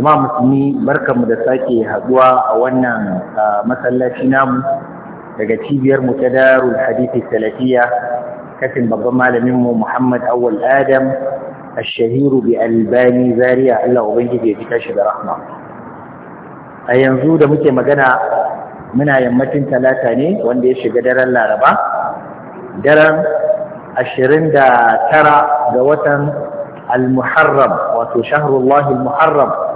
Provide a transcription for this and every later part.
jama'a musulmi barkanmu da sake haduwa a wannan masallaci namu daga cibiyar mu ta darul hadithi salafiyya kafin babban malamin mu Muhammad Awwal Adam ash-shahiru bi Albani Zaria Allah ubangiji ya fita shi da rahma a yanzu da muke magana muna yammacin talata ne wanda ya shiga daren Laraba daren ashirin da tara ga watan al-Muharram wato shahrullahi al-Muharram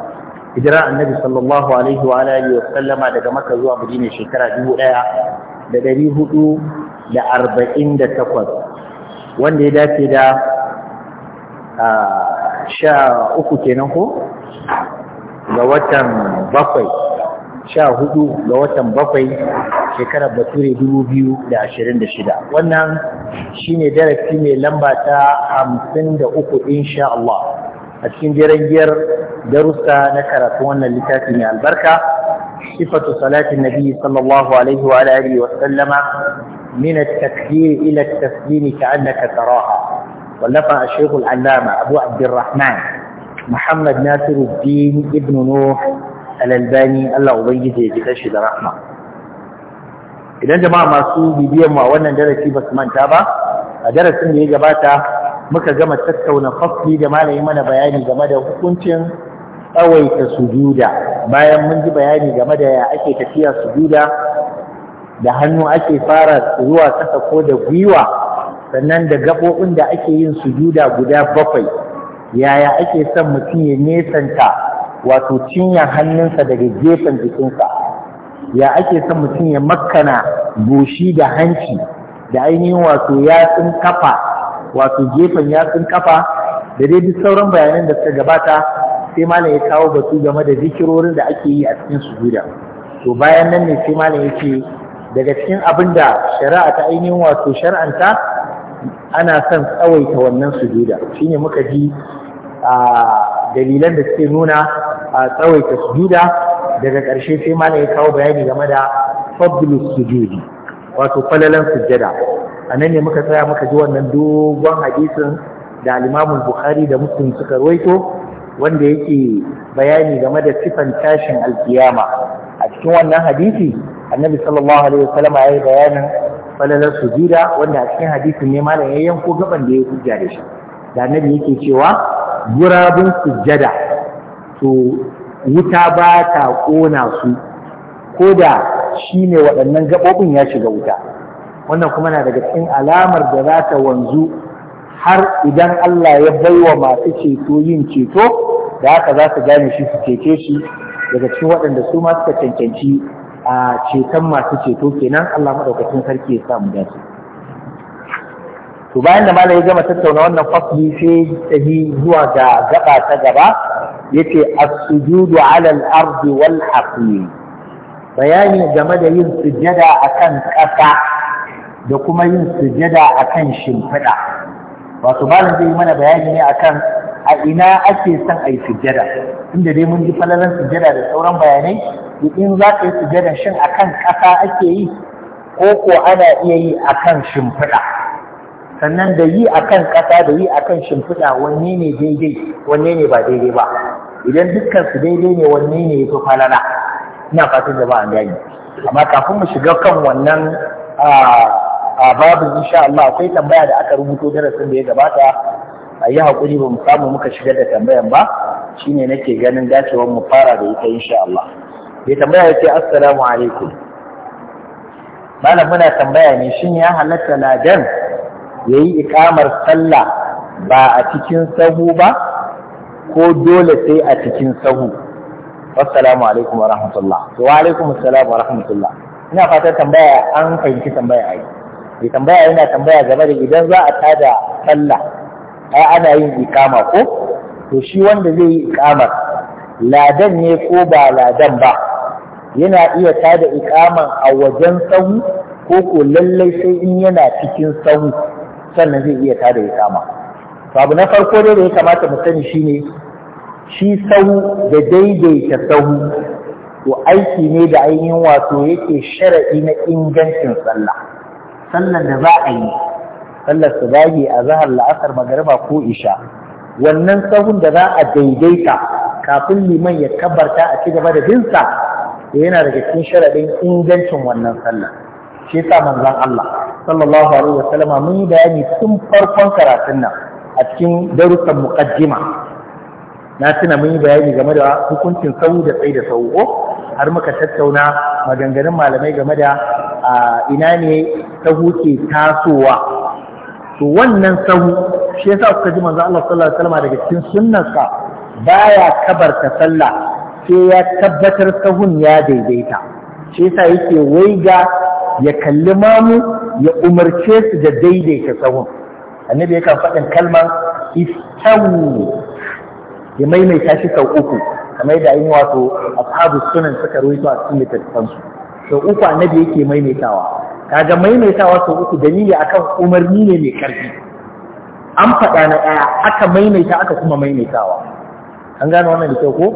hijira annabi sallallahu alaihi wa alihi wa sallama daga maka zuwa madina shekara dubu ɗaya da hudu da arba'in da takwas wanda ya dace da sha uku kenan ko ga watan bakwai sha hudu ga watan bakwai shekarar bature dubu biyu da ashirin da shida wannan shine darasi mai lamba ta hamsin da uku insha Allah a cikin jeren giyar darussa na karatu wannan littafi mai albarka sifatu salatin nabi sallallahu alaihi wa alihi wa sallama min at-takbir ila at-taslim ka'annaka taraha wallafa ash-shaykh al-allama abu abdurrahman muhammad nasiruddin ibn nuh al-albani Allah ubangiji ya ji shi da rahma idan jama'a masu bibiyan mu a wannan darasi ba su manta ba a darasin da ya gabata muka gama tattauna fasli da malami mana bayani game da hukuncin tsawaita sujuda bayan mun ji bayani game da ya ake tafiya sujuda da hannu ake fara zuwa kasa ko da gwiwa sannan da gaɓoɓin da ake yin sujuda guda bakwai yaya ake son mutum ya nesanta wato cinye hannunsa daga gefen jikinsa ya ake son mutum ya makana goshi da hanci da ainihin wato yatsun kafa wato gefen yatsun kafa da dai duk sauran bayanan da suka gabata sai malam ya kawo batu game da zikirorin da ake yi a cikin sujuda to bayan nan ne sai malam ya daga cikin abin da shari'a ta ainihin wato shari'anta ana son tsawaita wannan sujuda shine muka ji a dalilan da suke nuna a tsawaita sujuda daga ƙarshe sai malam ya kawo bayani game da fadlus sujudi wato falalan sujjada a nan ne muka tsaya muka ji wannan dogon hadisin da alimamun bukhari da muslim suka ruwaito wanda yake bayani game da sifan tashin alkiyama a cikin wannan hadisi annabi sallallahu alaihi wasallam ya yi bayanin falalar sujuda wanda a cikin hadisin ne malam ya yanko gaban da ya hujja da shi da annabi yake cewa gurabun sujjada to wuta ba ta kona su ko da shine waɗannan gaɓoɓin ya shiga wuta wannan kuma na daga cikin alamar da za ta wanzu har idan Allah ya baiwa masu ceto yin ceto da haka za su gane shi su cece shi daga cikin waɗanda su ma suka cancanci a ceton masu ceto kenan Allah maɗaukacin sarki ya samu dace to bayan da malai ya gama tattauna wannan fasli sai tafi zuwa ga gaba ta gaba yace as-sujudu 'ala al-ardi wal bayani game da yin sujada akan ƙasa da kuma yin sujada a kan shimfiɗa wato malam zai yi mana bayani ne akan a ina ake son a yi sujada inda dai mun ji falalan sujada da sauran bayanai in za ka yi sujada shin kan ƙasa ake yi ko ko ana iya yi a kan shimfiɗa sannan da yi a kan ƙasa da yi a kan shimfiɗa wanne ne daidai wanne ne ba daidai ba idan dukkan su daidai ne wanne ne ya fi falala ina fatan da ba a gani amma kafin mu shiga kan wannan ah, a babin insha Allah akwai tambaya da aka rubuto darasin da ya gabata a yi haƙuri ba mu samu muka shigar da tambayan ba shine nake ganin dacewar mu fara da ita insha Allah bai tambaya ya ce assalamu alaikum malam muna tambaya ne shin ya halatta ladan ya yi ikamar sallah ba a cikin sahu ba ko dole sai a cikin sahu assalamu alaikum wa rahmatullah wa alaikum assalam wa rahmatullah ina fatan tambaya an fahimci tambaya ai mai tambaya yana tambaya game da idan za a tada sallah a ana yin ikama ko to shi wanda zai yi ikamar ladan ne ko ba ladan ba yana iya tada ikaman a wajen sahu ko ko lallai sai in yana cikin sahu sannan zai iya tada ikama to abu na farko dai da ya kamata mu sani shine shi sahu da daidaita sahu to aiki ne da ainihin wato yake shara'i na ingancin sallah sallar da za a yi sallar su zagi a zahar la'asar magariba ko isha wannan sahun da za a daidaita kafin liman ya kabarta a ci gaba da binsa da yana daga cikin sharaɗin ingancin wannan sallar shi sa manzan Allah sallallahu alaihi wasallam mun yi bayani tun farkon karatun nan a cikin darussan muqaddima na tuna mun yi bayani game da hukuncin sau da tsaye da sau har muka tattauna maganganun malamai game da a ina ne sahu ke tasowa to wannan sahu shi yasa kuka ji manzo Allah sallallahu alaihi wasallam daga cikin sunnarsa baya kabarta sallah sai ya tabbatar sahun ya daidaita shi yasa yake ga ya kalli mamu ya umarce su da daidaita sahun annabi yakan faɗin kalmar istawu ya maimaita shi sau uku kamar yadda yin wato ashabu sunan suka ruwaito a cikin littattafansu sau uku annabi yake maimaitawa kaga maimaitawa sau uku dalili akan umarni ne mai karfi an faɗa na ɗaya aka maimaita aka kuma maimaitawa an gano wannan da kyau ko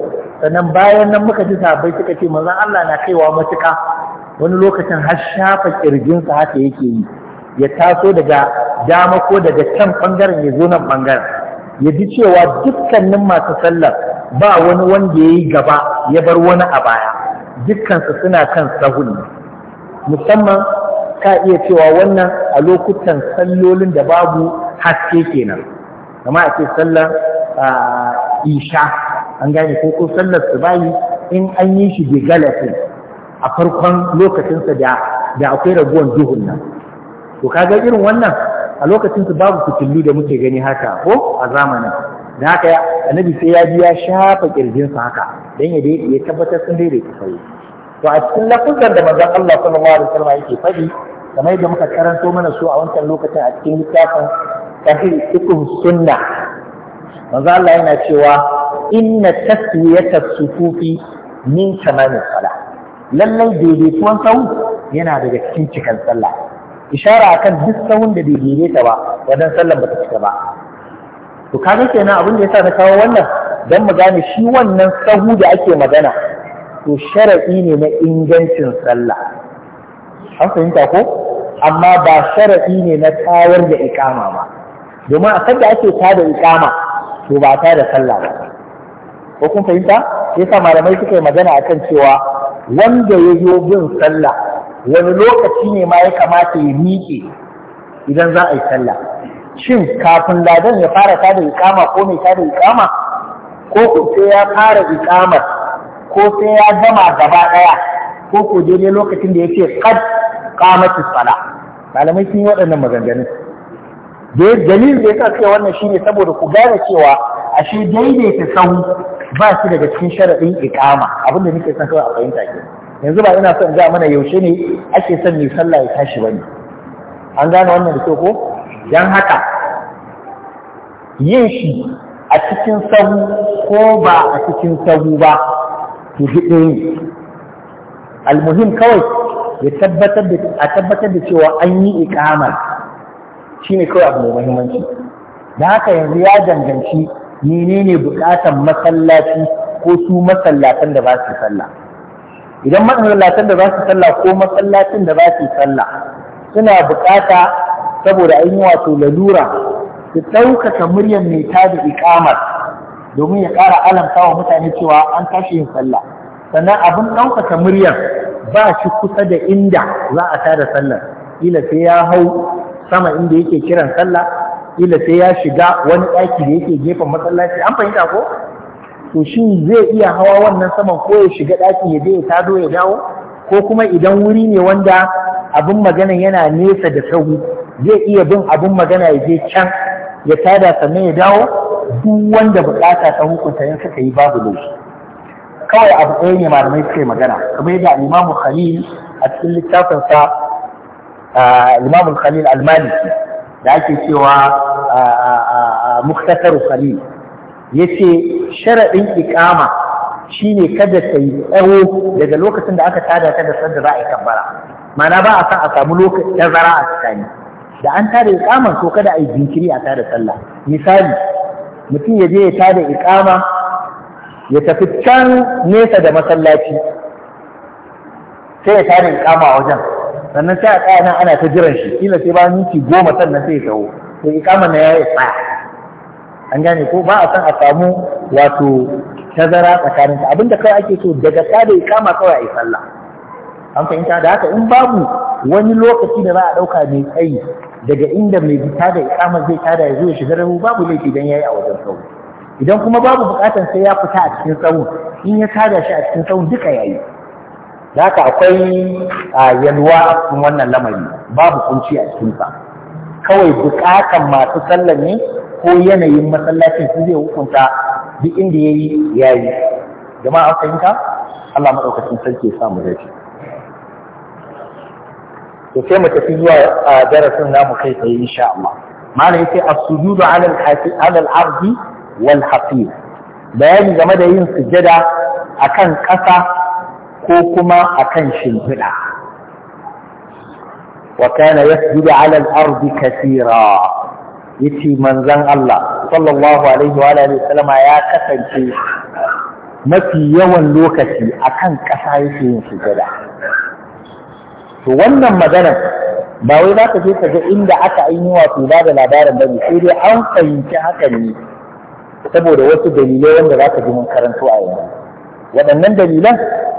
sannan bayan nan muka ji sabai suka ce manzon Allah na kaiwa matuƙa wani lokacin har shafa sa haka yake yi ya taso daga dama ko daga can bangaren ya zo nan bangaren ya ji cewa dukkanin masu sallar ba wani wanda ya yi gaba ya bar wani a baya dukkansu suna kan sahun musamman ka iya cewa wannan a lokutan sallolin da babu haske kenan kama a ce sallar isha an gane ko ko sallar su bayi in an yi shi da galatin a farkon lokacinsa da akwai raguwan duhun nan to kaga irin wannan a lokacin babu fitillu da muke gani haka ko a zamanin da haka annabi sai ya biya shafa kirjinsa haka don ya ya tabbatar sun daidaita sauyi to a cikin lafuzar da manzon Allah sallallahu alaihi wasallam yake faɗi kamar yadda muka karanto mana su a wancan lokacin a cikin littafin sahih ikun sunna manzon Allah yana cewa inna taswiyata sufufi min tamamin sala lallai daidaituwan sahu yana daga cikin cikan sallah ishara akan duk sahun da bai ta ba wajen sallan ta cika ba to kaga kenan abin da yasa na kawo wannan dan mu gane shi wannan sahu da ake magana to shar'i ne na ingancin sallah an fahimta ko amma ba shar'i ne na tawar da ikama ba domin a sanda ake sada ikama to ba ta da sallah ba ko kun fahimta yasa malamai suka yi magana akan cewa wanda ya yo bin sallah wani lokaci ne ma ya kamata ya miƙe idan za a yi sallah shin kafin ladan ya fara da ikama ko mai da ikama ko sai ya fara ikamar ko sai ya gama gaba daya ko ko daidai lokacin da yake kad qamatu sala malamai sun yi waɗannan maganganu dalilin da ya sa wannan shine saboda ku gane cewa ashe daidaita sahu ba shi daga cikin sharaɗin ikama abin da nake son kawai a fahimta ke yanzu ba ina son ga mana yaushe ne ake son mai sallah ya tashi bane an gane wannan da ko don haka yin shi a cikin sahu ko ba a cikin sahu ba to jiɗin almuhim kawai ya tabbatar da a tabbatar da cewa an yi ikamar shine kawai abu mai muhimmanci da haka yanzu ya danganci menene bukatan masallaci ko su masallatan da ba su sallah idan masallatan da ba su sallah ko masallacin da ba su sallah suna bukata saboda an yi wato lalura su ɗaukaka muryar mai da ikamar domin ya ƙara alamta wa mutane cewa an tashi yin sallah sannan abin ɗaukaka muryar ba shi kusa da inda za a tada sallar ila sai ya hau sama inda yake kiran sallah ila sai ya shiga wani ɗaki da yake gefen masallaci an fahimta ko to shi zai iya hawa wannan saman ko ya shiga ɗakin ya je ya tado ya dawo ko kuma idan wuri ne wanda abin magana yana nesa da sauri zai iya bin abin magana ya je can ya tada sannan ya dawo duk wanda bukata ta hukunta yin suka yi babu laifi kawai abu ɗaya ne malamai suka magana kamar yadda imamu khalil a cikin littafinsa imamu khalil almaliki da ake cewa muktasar khalil ya ce sharaɗin ikama shine kada ka yi tsawo daga lokacin da aka tada ta da sanda za a yi kabbara mana ba a san a samu lokacin tazara a tsakani da an tada iqama to kada a yi jinkiri a tada sallah misali mutum ya je ya tada iqama ya tafi can nesa da masallaci sai ya tada iqama a wajen sannan sai a tsaya nan ana ta jiran shi kila sai bayan minti goma sannan sai ya kawo to iqama na ya yi tsaya an gane ko ba a san a samu wato tazara tsakaninta abinda kawai ake so daga tsada ya kama kawai a yi sallah an fahimta da haka in babu wani lokaci da za a ɗauka mai tsayi daga inda mai bita da ikamar zai tada ya zo ya shiga rahu babu laifi ya yi a wajen tsawo idan kuma babu bukatar sai ya fita a cikin tsawon in ya tada shi a cikin tsawon duka ya yi. da haka akwai yalwa a cikin wannan lamari babu kunci a cikin sa kawai bukatan masu sallar ne ko yanayin masallacin su zai hukunta duk inda yayi. yi yi jama'a an fahimta Allah maɗaukacin sarki ya mu zai to sai mu tafi zuwa a darasin namu kai tsaye insha Allah Malami yace as-sujudu 'ala al-hafi 'ala al-ardi wal hafi. bayani game da yin sujada akan ƙasa ko kuma akan shimfiɗa wa kana yasjudu ala al-ardi kaseera yace manzon Allah sallallahu alaihi wa alihi ya kasance mafi yawan lokaci akan ƙasa yake yin sujada to wannan maganar ba wai za ka je ka ga inda aka an yi wato da labarin ba ne sai dai an fahimci hakan ne saboda wasu dalilai wanda za ka ji mun karanto a yanzu waɗannan dalilan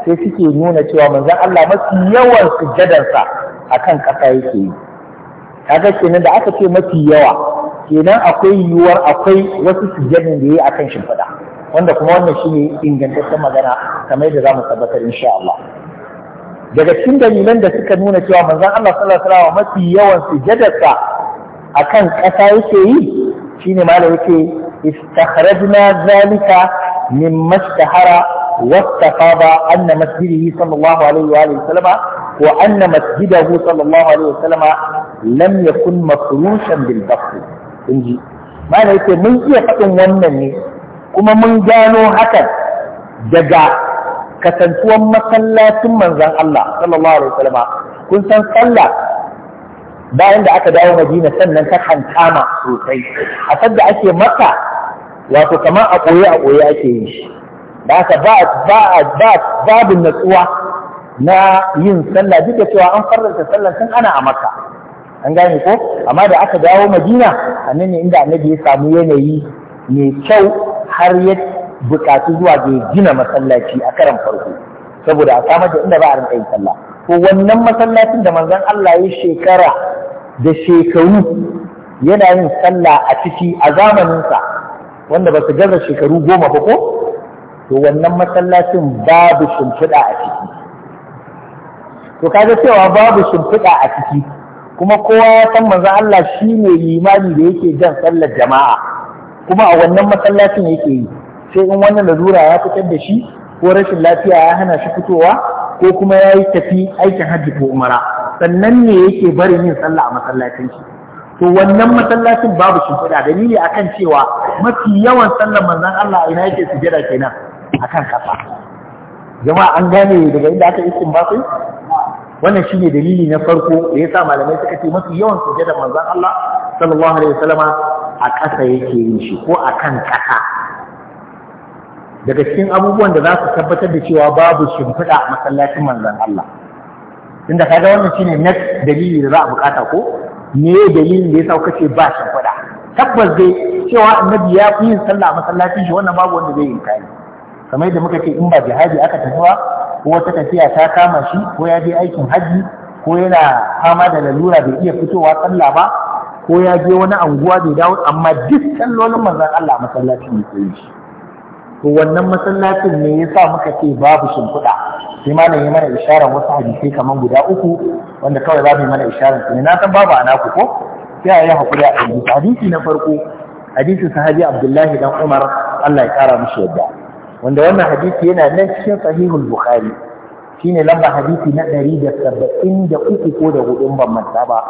sai suke nuna cewa manzon Allah mafi yawan sujadarsa akan ƙasa yake yi kaga kenan da aka ce mafi yawa kenan akwai yiwuwar akwai wasu sujjadin da yayi akan shimfiɗa wanda kuma wannan ne ingantaccen magana kamar za zamu tabbatar insha Allah daga cikin dalilan da suka nuna cewa manzon Allah sallallahu alaihi wasallam mafi yawan sujjadarsa akan ƙasa yake yi shine malai yake istakhrajna zalika mimma istahara واستفاض أن مسجده صلى الله عليه وآله وسلم وأن مسجده صلى الله عليه وسلم لم يكن مفروشا بالبخل إنجي ما نيكي من إيه فتن ونني كما من جانو حكا دقا كتنسوا مسلا ثم زن الله صلى الله عليه وسلم كن سن صلى bayan da aka dawo Madina sannan ta kankama sosai a sadda ake maka wato kamar a koye a koye ake yin shi Ba ka ba ba ba babin natsuwa na yin sallah duk da cewa an farlanta sallah tun ana a makka an gane ko amma da aka dawo madina annan ne inda annabi ya samu yanayi mai kyau har ya bukatu zuwa ga gina masallaci a karan farko saboda a samar da inda ba a rinka yin sallah ko wannan masallacin da manzon Allah ya shekara da shekaru yana yin sallah a ciki a zamaninsa wanda ba su gaza shekaru goma ba ko to wannan masallacin babu shimfiɗa a ciki to kaga cewa babu shimfiɗa a ciki kuma kowa ya san manzon Allah shine limani da yake jan sallar jama'a kuma a wannan masallacin yake yi sai in wannan lalura ya fitar da shi ko rashin lafiya ya hana shi fitowa ko kuma ya yi tafi aikin hajji ko umara sannan ne yake bari yin sallah a masallacin shi to wannan masallacin babu shimfiɗa dalili akan cewa mafi yawan sallar manzon Allah ina yake sujada kenan akan kafa jama'a an gane daga inda aka yi kun sai wannan ne dalili na farko da ya sa malamai suka ce mafi yawan da manzan Allah sallallahu alaihi wasallama a ƙasa yake yin shi ko akan ƙasa daga cikin abubuwan da za su tabbatar da cewa babu shimfiɗa a masallacin manzan Allah inda ka ga wannan shine na dalili da za a bukata ko me dalilin da ya sa kuka ce ba shimfiɗa tabbas dai cewa annabi ya fi yin sallah a masallacin shi wannan babu wanda zai yi kai kamar yadda muka ce in ba jihadi aka tafi ba ko wata tafiya ta kama shi ko ya je aikin hajji ko yana fama da lalura bai iya fitowa sallah ba ko ya je wani anguwa bai dawo amma duk sallolin manzon Allah masallacin ne sai shi to wannan masallacin ne yasa muka ce babu shimfiɗa sai malam ya mana isharar wasu hadisai kamar guda uku wanda kawai za mu yi mana isharar su ne na san babu anaku ko sai a yi haƙuri a hadisi hadisi na farko hadisi sahabi Abdullahi dan Umar Allah ya kara mishi yadda wanda wannan hadisi yana nan cikin sahihul bukhari shine lamba hadisi na ɗari da saba'in da uku ko da hudu ban manta ba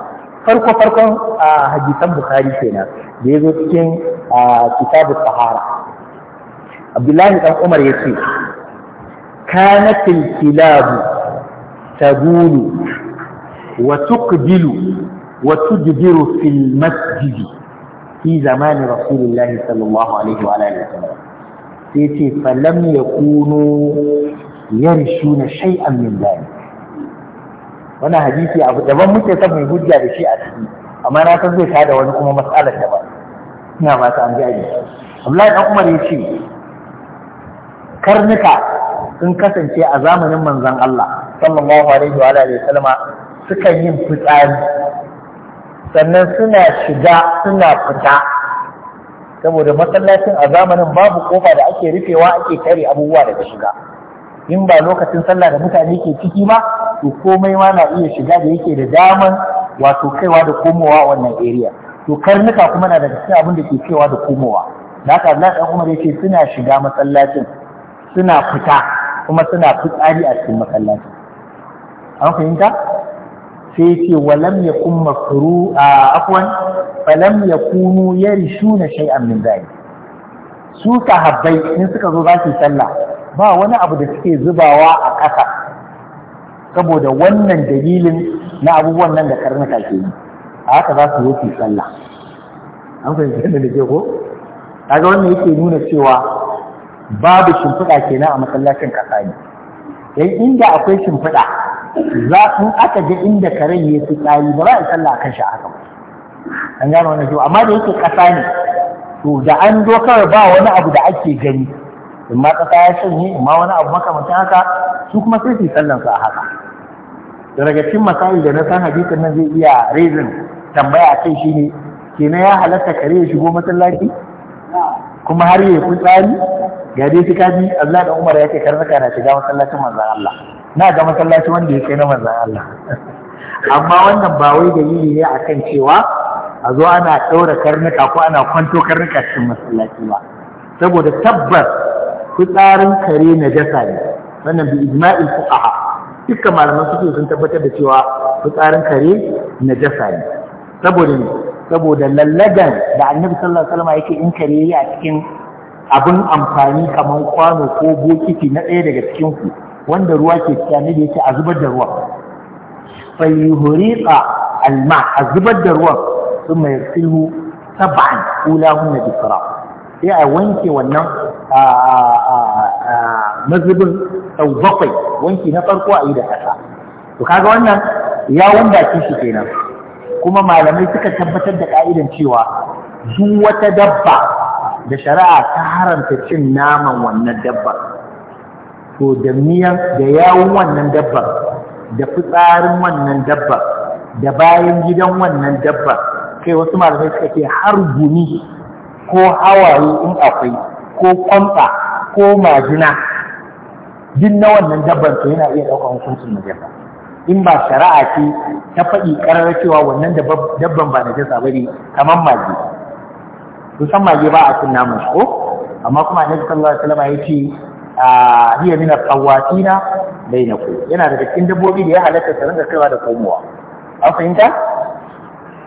farko farkon a hadisan bukhari kenan da ya zo cikin kitabu sahara abdullahi dan umar ya ce kanatil kilabu tagulu wa tuqbilu wa tudbiru fil masjidi fi zamani rasulillahi sallallahu alaihi wa alihi wa sallam sai ce falam ya kuno yarshu na shay'an min dani wannan hadisi abu daban muke son mai hujja da shi a ciki amma na san zai da wani kuma matsalar da ba ina ma ta an gani Abdullahi dan Umar ya ce karnuka sun kasance a zamanin manzon Allah sallallahu alaihi wa alihi wasallama sukan yin fitsari sannan suna shiga suna fita saboda masallacin a zamanin babu kofa da ake rufewa ake tare abubuwa daga shiga in ba lokacin sallah da mutane ke ciki ba to komai ma na iya shiga da yake da daman wato kaiwa da komowa wannan area to karnuka kuma na daga cikin abin da ke kaiwa da komowa da haka Allah dan Umar yace suna shiga masallacin suna fita kuma suna fitsari a cikin masallacin an fahimta sai ce walam ya kun furu? a afwan falam ya kunu ya rishu na shay'an min zai su sahabbai in suka zo za su sallah ba wani abu da suke zubawa a ƙasa saboda wannan dalilin na abubuwan nan da karnuka ke yi a haka za su zo su sallah an fahimta da ke ko kaga wannan yake nuna cewa babu shimfiɗa kenan a masallacin ƙasa ne dan inda akwai shimfiɗa za in aka ga inda karen ya fi tsari ba za a sallah kan shi aka an gano wannan jiwa amma da yake ƙasa ne to da an zo kawai ba wani abu da ake gani in ma ƙasa ya shanye in ma wani abu makamancin haka su kuma sai su sallan su a haka daga cikin masali da na san hadisin nan zai iya raising tambaya a kai shine kenan ya halatta kare ya shigo masallaci kuma har ya fi tsari ga dai fi kaji Allah da Umar ya ce yake karnuka na shiga masallacin manzon Allah na ga masallaci wanda yake na manzon Allah amma wannan ba wai dalili ne akan cewa a zo ana ɗaura karnuka ko ana kwanto karnuka cikin masallaci ba saboda tabbas fitsarin kare na jasa ne wannan bi ijma'il fuqaha dukkan malaman suke sun tabbatar da cewa fitsarin kare na jasa ne saboda ne saboda lallagan da annabi sallallahu alaihi wasallam yake in kare a cikin abin amfani kamar kwano ko bokiti na ɗaya daga cikin ku wanda ruwa ke tsani da yake a zubar da ruwan fayyuhuriqa alma a zubar da ruwan sun mai silhu sab'an ulahun na bisra sai a wanke wannan mazubin sau bakwai wanki na farko a yi da ƙasa to kaga wannan ya wanda shi kenan kuma malamai suka tabbatar da ka'idan cewa duk wata dabba da shari'a ta haramta cin naman wannan dabbar to da miyan da yawun wannan dabbar da fitsarin wannan dabbar da bayan gidan wannan dabbar kai wasu malamai suka ce har gumi ko hawaye in akwai ko kwamfa ko majina duk na wannan dabbar to yana iya ɗaukar hukuncin najasa in ba shari'a ce ta faɗi ƙarar cewa wannan dabban ba najasa ba ne kamar mage kusan mage ba a cin namun ko amma kuma annabi sallallahu alaihi wasallam ya ce ah, hiya min al na ku. yana da cikin dabbobi da ya halatta su ringa kaiwa da komowa an fahimta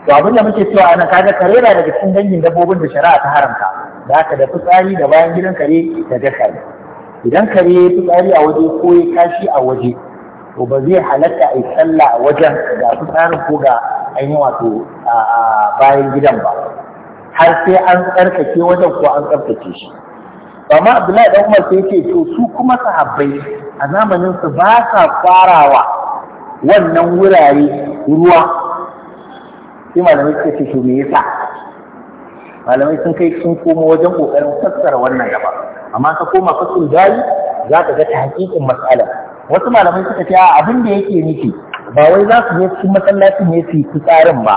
to abin da muke cewa ana kaga kare na daga cikin dangin dabbobin da shari'a ta haramta da aka da fitsari da bayan gidan kare da dakari idan kare ya fitsari a waje ko ya kashi a waje to ba zai halatta a yi sallah a wajen ga fitsarin ko ga ainihin wato bayan gidan ba har sai an tsarkake wajen ko an tsarkake shi amma abdullahi dan umar sai yake to su kuma sahabbai a zamanin su ba sa farawa wannan wurare ruwa sai malamai suka ce to me yasa malamai sun kai sun komo wajen kokarin fassara wannan gaba amma ka koma fasul dari za ka ga ta hakikin mas'ala wasu malamai suka ce abin da yake nufi ba wai za su je cikin masallacin ne su yi tsarin ba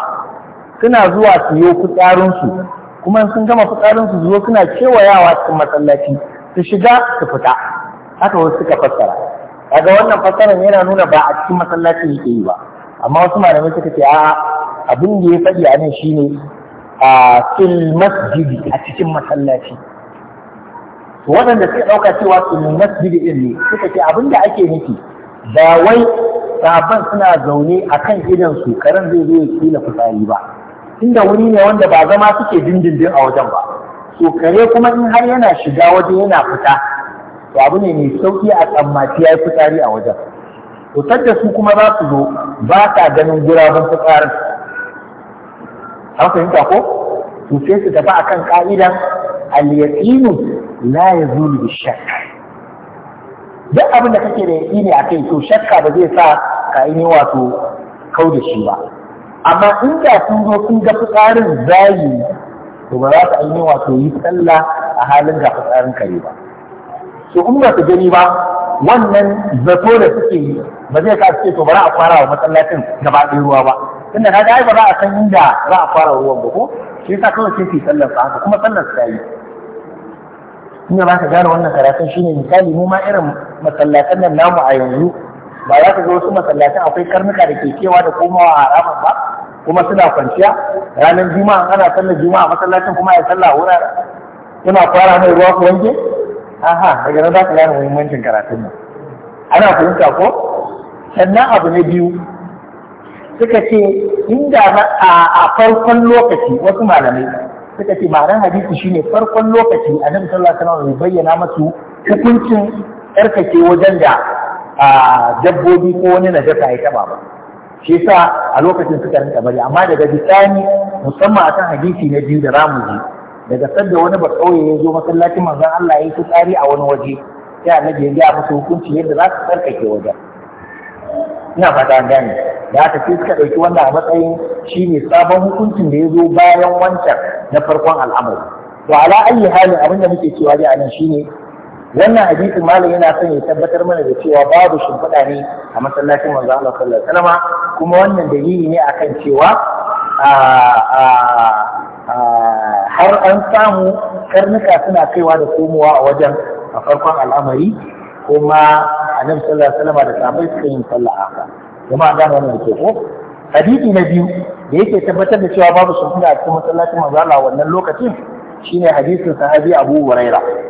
suna zuwa su yi fitsarinsu kuma sun gama fitsarinsu zuwa, suna suna kewayawa cikin masallaci su shiga su fita haka wasu suka fassara daga wannan fassarar yana nuna ba a cikin masallaci yake yi ba amma wasu malamai suka ce a abin da ya faɗi a nan shine a fil masjidi a cikin masallaci waɗanda suka ɗauka cewa fil masjidi din ne suka ce abin da ake nufi ba wai sabon suna zaune a kan idansu karen zai zo ya kila fitsari ba tunda wuri ne wanda ba zama suke dindindin a wajen ba so kare kuma in har yana shiga waje yana fita to abu ne mai sauki a tsammaci ya yi fitsari a wajen to da su kuma za su zo ba sa ganin gurabun fitsarin an fahimta ko to sai su tafi akan ka'idan al-yaqinu la yazulu bi shakk duk abin da kake da a kai to shakka ba zai sa ka yi wato kau da shi ba amma in da sun zo sun ga fitsarin zayi to ba za su an yi wato yi sallah a halin ga fitsarin kare ba to in ba su gani ba wannan zato da suke yi ba zai ka ce to ba za a fara wa masallacin gaba ɗaya ruwa ba tunda na ga ba za a san inda za a fara ruwan ba ko shi yasa kawai sai su sallar sa haka kuma sallar su yi ina ba ka gane wannan karatun shine misali mu ma irin masallatan nan namu a yanzu ba za ka ga wasu masallatan akwai karnuka da ke kewa da komawa a ramar ba kuma suna kwanciya ranar juma'a ana sallar juma'a masallacin kuma ya sallah wurare kuna fara mai ruwa ku wanke aha daga nan za ka gane muhimmancin karatun mu ana fahimta ko sannan abu na biyu suka ce inda a farkon lokaci wasu malamai suka ce ma'anar hadisi shine farkon lokaci a nan sallah alaihi mai bayyana masu hukuncin tsarkake wajen da dabbobi ko wani najasa ya taba ba shi yasa a lokacin suka rinka bari amma daga bisani musamman akan hadisi na biyu da zamu ji daga sanda wani ba kauye ya zo masallacin manzon Allah ya yi tsari a wani waje sai annabi ya ga musu hukunci yadda za su tsarkake wajen ina fata gane da aka ce suka ɗauki wannan a matsayin shine sabon hukuncin da ya zo bayan wancan na farkon al'amari to ala ayyi halin abin da muke cewa dai anan shine wannan hadisin malam yana son ya tabbatar mana da cewa babu shimfiɗa ne a masallacin manzo Allah sallallahu alaihi wasallam kuma wannan dalili ne akan cewa har an samu karnuka suna kaiwa da komowa a wajen a farkon al'amari kuma annabi sallallahu alaihi wasallam da sahabbai suka yin sallah haka kuma ga wannan ke ko hadisi na biyu da yake tabbatar da cewa babu shimfiɗa a cikin masallacin manzo Allah wannan lokacin shine hadisin sahabi Abu Hurairah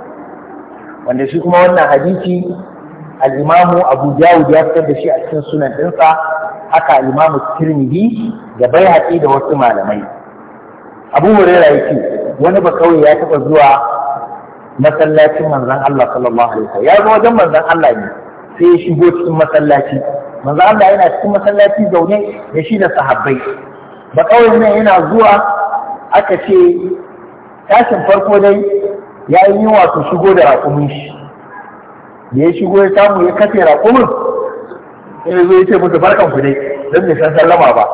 wanda shi kuma wannan hadisi al-imamu abu ya fitar da shi a cikin sunan dinsa, haka al-imamu tirmidhi da bai da wasu malamai abu hurairah yake wani ba kawai ya taɓa zuwa masallacin manzon Allah sallallahu alaihi wasallam ya zo wajen manzon Allah ne sai ya shigo cikin masallaci manzon Allah yana cikin masallaci zaune da shi da sahabbai ba kawai nan yana zuwa aka ce tashin farko dai ya yi wato shigo da raƙumin shi da ya shigo ya samu ya kafe raƙumin ya zo ya ce musu barkan ku dai don bai san sallama ba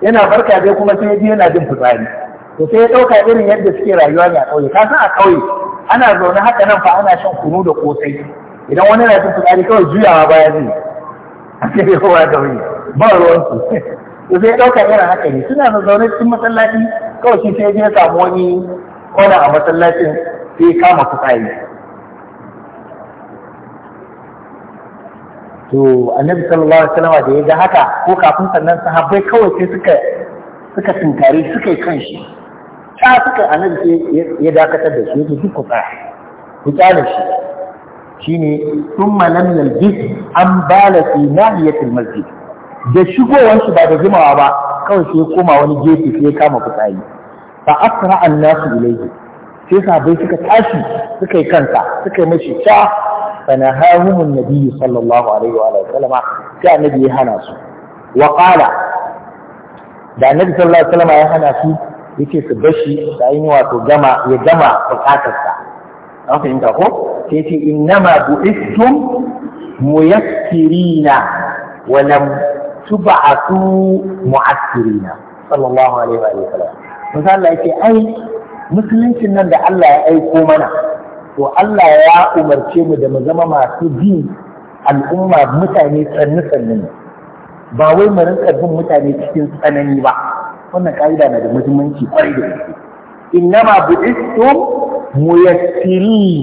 yana barka dai kuma sai ji yana jin fitsari to sai ya ɗauka irin yadda suke rayuwa ne a ƙauye ka san a ƙauye ana zaune haka nan fa ana shan kunu da kosai idan wani yana jin fitsari kawai juyawa baya zai a ce ya kowa da wani ba ruwan su to sai ya ɗauka irin haka ne suna zaune cikin masallaci kawai shi sai ya je ya samu wani kona a masallacin sai kama fitsari to annabi sallallahu alaihi wasallam da ya haka ko kafin sannan sahabbai kawai sai suka suka tunkari suka yi kanshi ta suka annabi sai ya dakatar da shi yake duk ku tsaya ku tsaya shi shine thumma lam yalbis an bala fi nahiyatil masjid da shigowar shi ba da jimawa ba kawai sai koma wani gefe sai kama fitsari fa asra annasu ilayhi sai sahabbai suka tashi suka yi kansa suka yi mashi ta فنهاهم النبي صلى الله عليه وآله وسلم كان النبي هناسو وقال da annabi sallallahu alaihi wa wasallam ya hana su yake su bashi da ainihi wato gama ya gama bukatar sa an fahimta ko sai yace innama bu'istum muyassirina wa lam tub'atu mu'assirina sallallahu alaihi wa sallam manzo Allah yake ai musuluncin nan da Allah ya aiko mana to Allah ya umarce mu da mu zama masu bi al'umma mutane sannu sannu ba wai mu rinka bin mutane cikin tsanani ba wannan ka'ida na da muhimmanci kwarai da gaske innama bu'istu muyassiri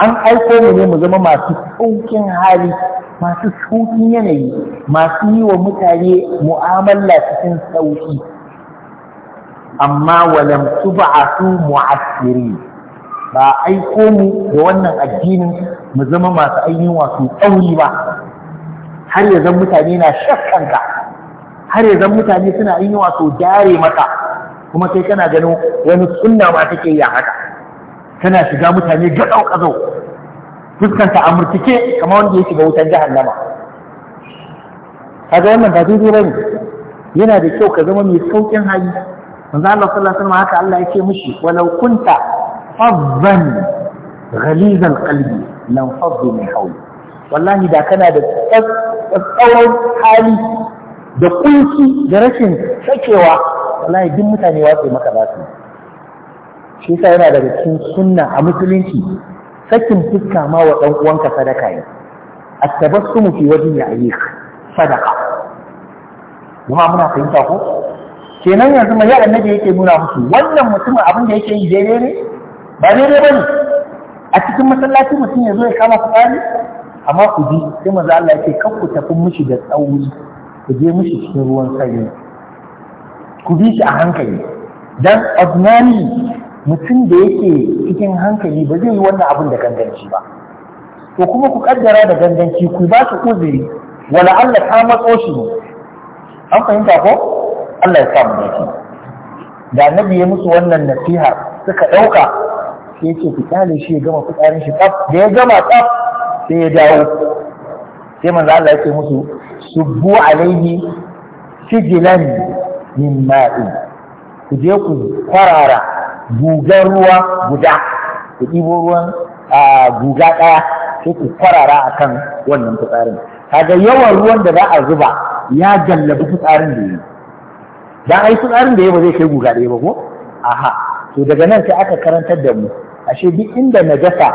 an aiko mu ne mu zama masu saukin hali masu saukin yanayi masu yi wa mutane mu'amala cikin sauki amma walam tub'atu mu'assiri ba aiko mu da wannan addinin mu zama masu ainihin wasu tsauri ba har ya zan mutane na shakkanka har ya zan mutane suna ainihin wasu dare maka kuma kai kana ganin wani sunna ba take yi haka tana shiga mutane ga ɗauƙazo fuskanta a murtike kamar wanda ya shiga wutan jahannama kaga wannan ba daidai ne yana da kyau ka zama mai saukin hali manzo Allah sallallahu alaihi wasallam haka Allah yake mishi walau kunta faddan ghaliz alqalbi lan faddu min hawli wallahi da kana da tsauran hali da kunci da rashin sakewa wallahi duk mutane watsa maka za su shi yasa yana daga cikin sunna a musulunci sakin fuska ma wa dan uwanka sadaka ne at-tabassumu fi wajhi ayyik sadaqa kuma muna fahimta ko kenan yanzu mai annabi yake nuna musu wannan mutumin abin da yake yi daidai ne ba daidai ba ne a cikin masallaci mutum ya zo ya kama fitsari amma ku ji sai maza Allah ya ce kan ku tafi mushi da tsauri ku je mushi cikin ruwan sanyi ku bi shi a hankali dan azmani mutum da yake cikin hankali ba zai yi wannan abin da ganganci ba to kuma ku kaddara da ganganci ku ba shi uzuri wala Allah ta matso shi ne an fahimta ko Allah ya sa mu da annabi ya musu wannan nasiha suka ɗauka sai ce ku shi ya gama fitsarin shi tsaf da ya gama tsaf sai ya dawo sai manzo Allah ya ce musu subbu alaihi sijilan min ma'i ku je ku kwarara gugar ruwa guda ku ɗibo ruwan guga ɗaya sai ku kwarara akan wannan fitsarin kaga yawan ruwan da za a zuba ya jallabi fitsarin da ya yi dan ai tsarin da ya ba zai kai guga da ba ko aha to daga nan sai aka karantar da mu ashe duk inda najasa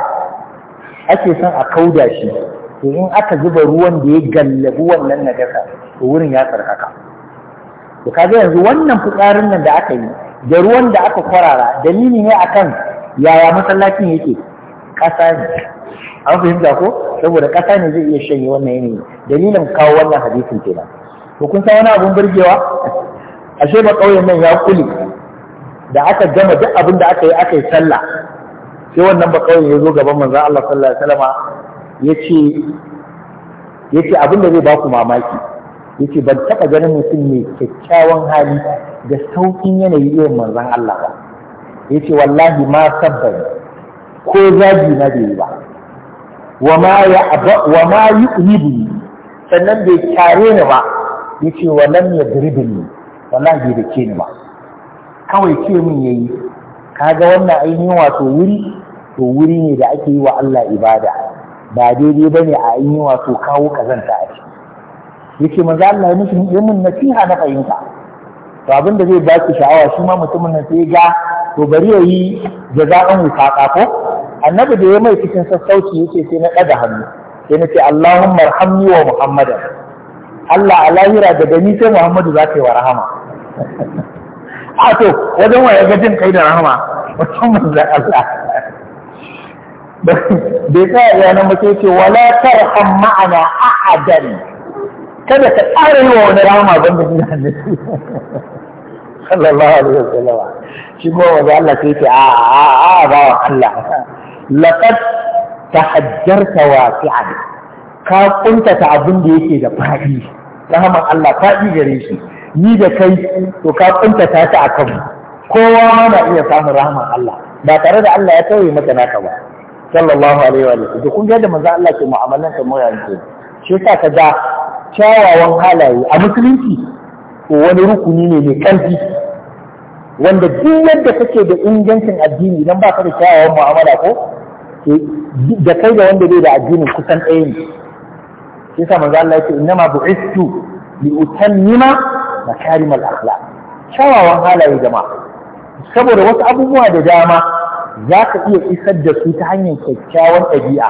ake son a kauda shi to in aka zuba ruwan da ya gallabi wannan najasa to wurin ya tsarkaka to kaga yanzu wannan fitsarin nan da aka yi da ruwan da aka kwarara dalili ne akan yaya masallacin yake kasa ne an fahimta ko saboda kasa ne zai iya shanye wannan yanayi dalilin kawo wannan hadisin kenan to kun san wani abun burgewa ashe ba ƙauyen nan ya kuli da aka gama duk abin da aka yi aka yi sallah sai wannan ba ƙauyen ya zo gaban manzo Allah sallallahu alaihi wasallama yace yace abin da zai ba ku mamaki yace ban taɓa ganin mutum mai kyakkyawan hali da saukin yanayi irin manzon Allah ba yace wallahi ma sabbai ko zagi na bai yi ba wa ma yu'nibu sannan bai kyare ni ba yace wa lam yadribni wallahi da ke ni ba kawai ce min yayi kaga wannan ainihin wato wuri to wuri ne da ake yi wa Allah ibada ba daidai ba ne a ainihin wato kawo kazanta a ciki yake manzo Allah ya mishi yi mun nasiha na fahimta to abin da zai baki sha'awa shi ma mutumin nan sai ga to bari ya yi jaza'an wusaƙa ko annabi da ya mai cikin sassauci yake sai na ɗaga hannu sai na ce Allahumma arhamni wa Muhammadan Allah a lahira da ni sai Muhammadu za ka yi wa rahama a to wajen waye ga jin kai da rahama wajen manzan Allah bai sa ya nan ba sai ce wala tarham ma'ana ahadan kada ka tsara yi wa wani rahama ban da jina ne sallallahu alaihi wasallam shi ko wanda Allah sai ce a a a ba Allah laqad tahajjarta wasi'an ka kuntata abin da yake da fadi rahaman Allah fadi gare shi ni da kai to ka kuntata ta a kanmu kowa ma na iya samun rahman Allah ba tare da Allah ya tauye maka naka ba sallallahu alaihi wa sallam kun ga da manzo Allah ke mu'amalan ta mu yanzu shi yasa ka ga kyawawan halaye a musulunci wani rukuni ne mai karfi wanda duk yadda kake da ingancin addini idan ba ka da kyawawan mu'amala ko da kai da wanda bai da addinin kusan ɗaya ne shi yasa manzo Allah ya ce innama bu'istu li utammima makarim al-akhlaq kyawawan halaye jama'a saboda wasu abubuwa da dama za ka iya isar da su ta hanyar kyakkyawan ɗabi'a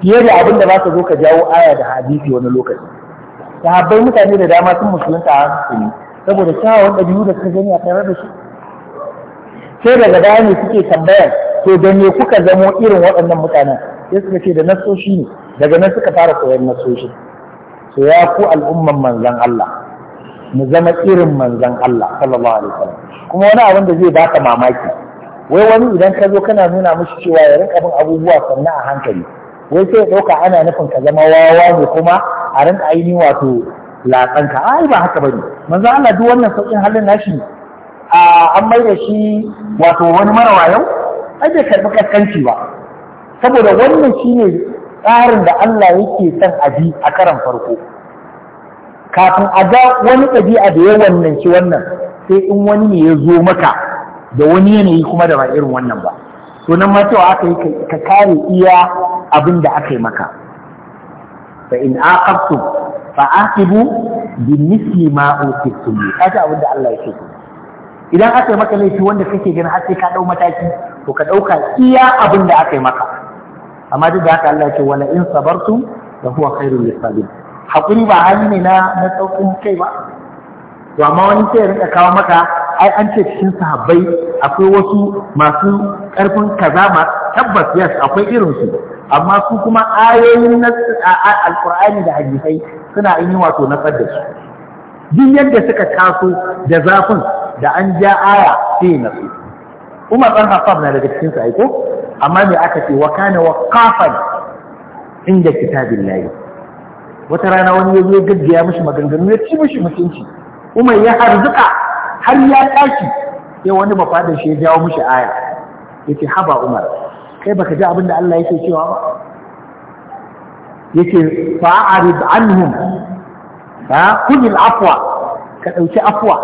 fiye da abin da ba ka zo ka jawo aya da hadisi wani lokaci sahabbai mutane da dama sun musulunta a hankali saboda kyawawan ɗabi'u da suka gani a tare da shi sai daga baya ne suke tambayar to da me kuka zamo irin waɗannan mutanen sai suka ce da nasoshi ne daga nan suka fara koyon nasoshi to ya al'umman manzon Allah mu zama irin manzan Allah sallallahu alaihi wasallam kuma wani abin da zai baka mamaki wai wani idan ka zo kana nuna mishi cewa ya rinka bin abubuwa sannan a hankali wai sai ya dauka ana nufin ka zama wawa ne kuma a rinka aini wato latsanka ai ba haka bane manzan Allah duk wannan sauƙin halin nashi a an mai da shi wato wani marawa yau ai bai karɓi kaskanci ba saboda wannan shine tsarin da Allah yake son a bi a karan farko kafin a ga wani ɗabi'a da ya wannan shi wannan sai in wani ne ya zo maka da wani yanayi kuma da ba irin wannan ba to nan ma cewa aka yi ka kare iya abin da aka yi maka fa in aqabtum fa aqibu bi misli ma utitum kaga abin da Allah ya ce idan aka yi maka laifi wanda kake gani har sai ka dau mataki to ka dauka iya abin da aka yi maka amma duk da haka Allah ya ce wala in sabartum la huwa khairul lisabir haƙuri ba hali ne na na saukin kai ba to amma wani sai ya rinka kawo maka ai an ce cikin sahabbai akwai wasu masu ƙarfin kaza ma tabbas yes akwai irin su amma su kuma ayoyin na Alƙur'ani da hadisai suna yin wato na da su duk yadda suka taso da zafin da an ja aya sai na su Umar ɗan Hassan na daga cikin su aiko amma me aka ce wa kana waqafan inda kitabillahi wata rana wani ya zo gaggaya mishi maganganu ya ci mishi mutunci umar ya harzuka har ya tashi sai wani bafadar shi ya jawo mishi aya yace haba umar kai baka ji abin da Allah yake cewa ba yace fa'arid anhum fa kudil afwa ka dauki afwa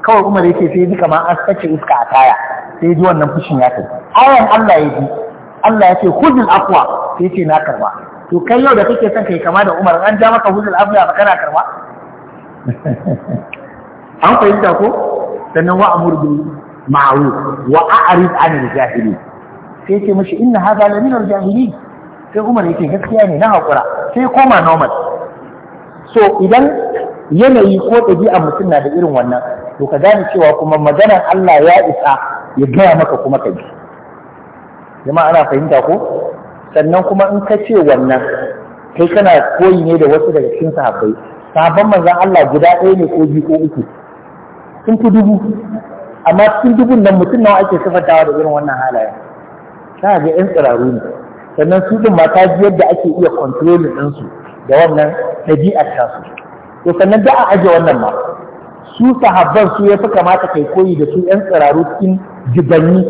kawai umar yake sai duka ma an sace iska a taya sai ji wannan fushin ya tafi ayan Allah ya ji Allah ya ce kudil afwa sai ce na karba to kai yau da kake son kai kama da Umar an ja maka hudul afiya ba kana karba an fahimta ko sannan wa amur bil ma'ruf wa a'rid anil jahili sai ce mishi inna hadha la min al jahili sai Umar yake gaskiya ne na hakura sai koma normal so idan yanayi ko a mutum na da irin wannan to ka gane cewa kuma maganar Allah ya isa ya gaya maka kuma ka bi jama'a ana fahimta ko sannan kuma in ka ce wannan kai kana koyi ne da wasu daga cikin sahabbai sahabban manzon Allah guda ɗaya ne ko biyu ko uku sun fi dubu amma cikin dubun nan mutum nawa ake sifantawa da irin wannan halayen ta ga yan tsiraru ne sannan su din mata ji yadda ake iya kontrolin su da wannan ɗabi'ar tasu to sannan da a aje wannan ma su sahabban su ya fi kamata kai koyi da su yan tsiraru cikin jibanni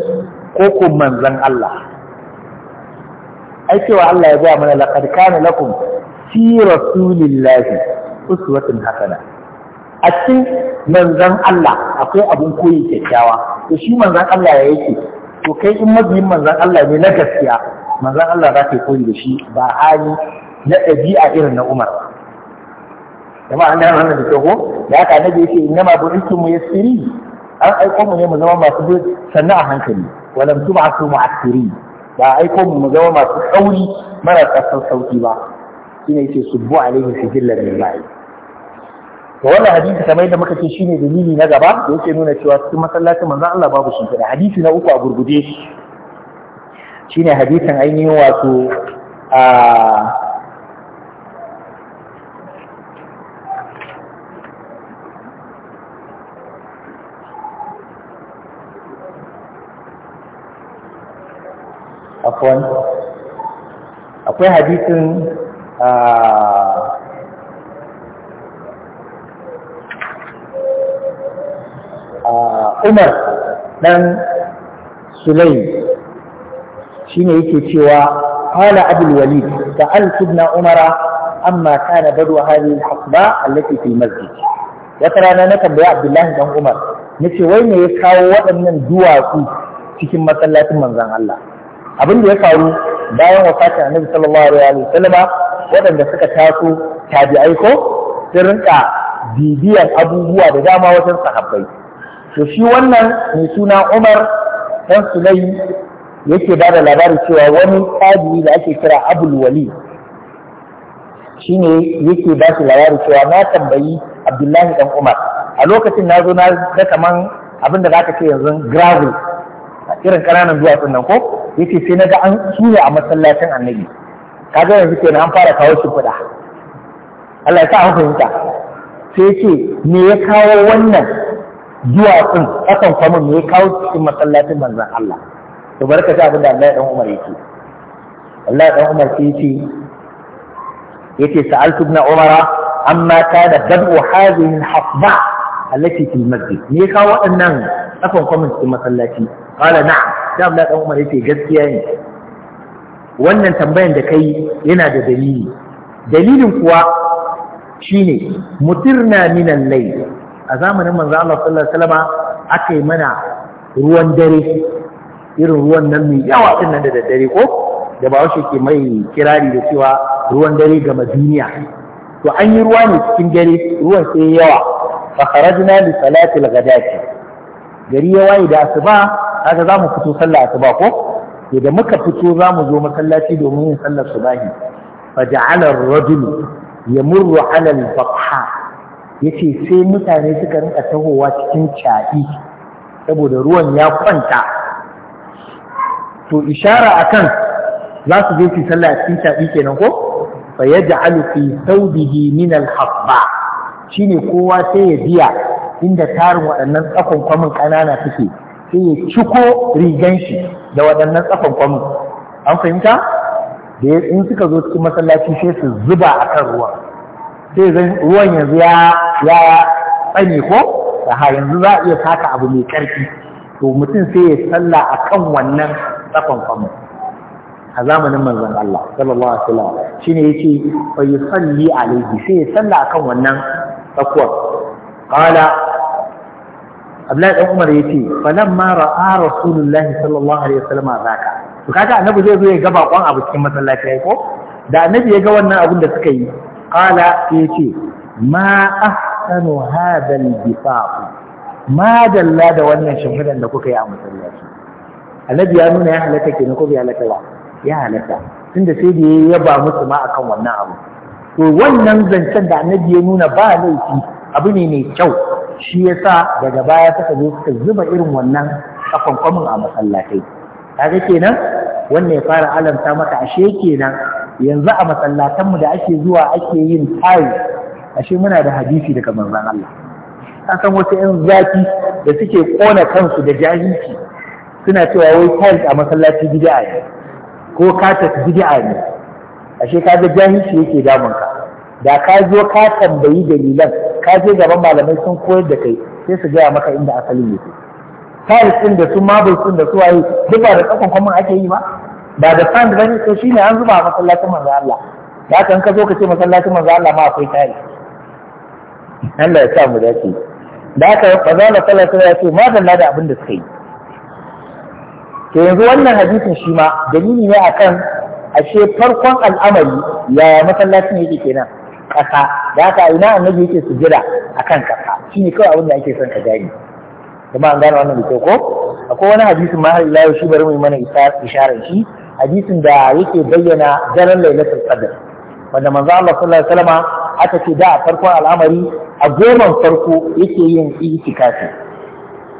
ko ko manzon Allah ai cewa Allah ya ga mana laqad kana lakum fi rasulillahi uswatun hasana a cikin manzon Allah akwai abun koyi kyakkyawa to shi manzon Allah ya yake to kai in mabiyin manzon Allah ne na gaskiya manzon Allah za ka koyi da shi ba hali na ɗabi'a irin na Umar ba kuma an gano wannan da ke ko da haka in yake inna ma bu'itum yassiri an aiko mu ne mu zama masu bi sannan a hankali walam tub'atu mu'assirin ba aiko mu zama masu sauri marasa sassauki ba shi ne yake subbu alaihi sijillan min ba'i to wannan hadisi kamar yadda muka ce shine dalili na gaba da yake nuna cewa cikin masallacin manzo Allah babu shi da hadisi na uku a gurgude shine hadisin ainihin wato a akwai hadisin Umar dan shi shine yake cewa qala Abdul Walid sa'altu ibn Umara amma kana badwa hadhihi hasba allati fi masjid wata rana na tambayi Abdullahi dan Umar ce wai me ya kawo waɗannan duwatsu cikin masallacin manzon Allah abin da ya faru bayan wafatin annabi sallallahu alaihi wa sallama waɗanda suka taso tabi aiko, sun rinka bibiyar abubuwa da dama wajen sahabbai to shi wannan mai suna Umar dan Sulai yake ba da labari cewa wani tabi'i da ake kira Abul Wali shine yake ba shi labari cewa na tambayi Abdullahi dan Umar a lokacin na zo na ga kaman abin da zaka ce yanzu gravel irin ƙananan duwatsun nan ko yace sai na ga an suya a masallacin annabi kaga yanzu kenan an fara kawo shimfiɗa Allah ya sa an fahimta sai yace me ya kawo wannan duwatsun ƙasan kwamin me ya kawo cikin masallacin manzon Allah to barka ta abin da Allah ya dan Umar yake Allah ya dan Umar sai yace yace sa'altu ibn Umara amma kana dabu hadhihi al-hasba allati fi masjid me ya kawo waɗannan kafan kwamin cikin masallaci qala na'am sai Abdullah da Umar yace gaskiya ne wannan tambayan da kai yana da dalili dalilin kuwa shine mutirna minan layl a zamanin manzo Allah sallallahu alaihi wasallama aka yi mana ruwan dare irin ruwan nan mai yawa din nan da daddare ko da ba shi ke mai kirari da cewa ruwan dare ga duniya to an yi ruwa ne cikin dare ruwan sai yawa fa kharajna li salatil ghadati gari ya waye da asuba kaga za mu fito sallah asuba ko to da muka fito za mu zo masallaci domin yin sallar subahi fa ja'ala ar-rajul yamurru 'ala al-fatha yace sai mutane suka rinka tahowa cikin cadi saboda ruwan ya kwanta to ishara akan za su je su sallah cikin cadi kenan ko fa yaj'alu fi thawbihi min al-habba shine kowa sai ya biya inda tarin waɗannan tsakon kwamin ƙanana suke sai ya ciko rigan shi da waɗannan tsakon kwamin an fahimta da in suka zo cikin masallaci sai su zuba a kan ruwan sai zan ruwan yanzu ya ya tsane ko ha yanzu za a iya saka abu mai ƙarfi to mutum sai ya salla a kan wannan tsakon kwamin a zamanin manzon Allah sallallahu alaihi wasallam shine yace fa yusalli alaihi sai ya salla kan wannan tsakon ƙala Abdullahi dan Umar ya ce, yace falamma ra'a Rasulullahi sallallahu alaihi wasallam zaka to kaga annabi zai zo ya ga bakon abu cikin masallaci ai ko da annabi ya ga wannan abin da suka yi qala yace ma ahsanu hadha al-bifaq ma dalla da wannan shimfidan da kuka yi a masallaci annabi ya nuna ya halaka kenan ko bai halaka ba ya halaka tunda sai da ya ba musu ma akan wannan abu to wannan zancen da annabi ya nuna ba laifi abu ne mai kyau shi ya sa daga baya suka zo suka zuba irin wannan kafankwamin a masallatai kaga kenan wannan ya fara alamta maka ashe kenan yanzu a masallatanmu da ake zuwa ake yin tayi ashe muna da hadisi daga manzon Allah ka san wasu yan zafi da suke kona kansu da jahilci suna cewa wai tayi a masallaci bid'a ne ko katas bid'a ne ashe kaga jahilci yake damun ka da ka zo ka tambayi dalilan ka je gaban malamai sun koyar da kai sai su gaya maka inda asalin yake tiles din da su marble din da su waye duk ba da tsakon kwamin ake yi ma ba da sand bane to shine an zuba a masallacin manzo Allah da haka in ka zo ka ce masallacin manzo Allah ma akwai tiles Allah ya sa mu dace da haka na sallallahu alaihi ya ce madalla da abin da suka yi to yanzu wannan hadisin shi ma dalili ne akan ashe farkon al'amari yaya masallacin yake kenan ƙasa da haka ina annabi yake su a akan ƙasa shine kawai abin da ake son ka gani kuma an gane wannan da ko akwai wani hadisin ma har ila shi bari mu mana isharar shi hadisin da yake bayyana daren lailatul qadr wanda manzo Allah sallallahu alaihi wasallam aka ce da a farkon al'amari a goma farko yake yin itikafi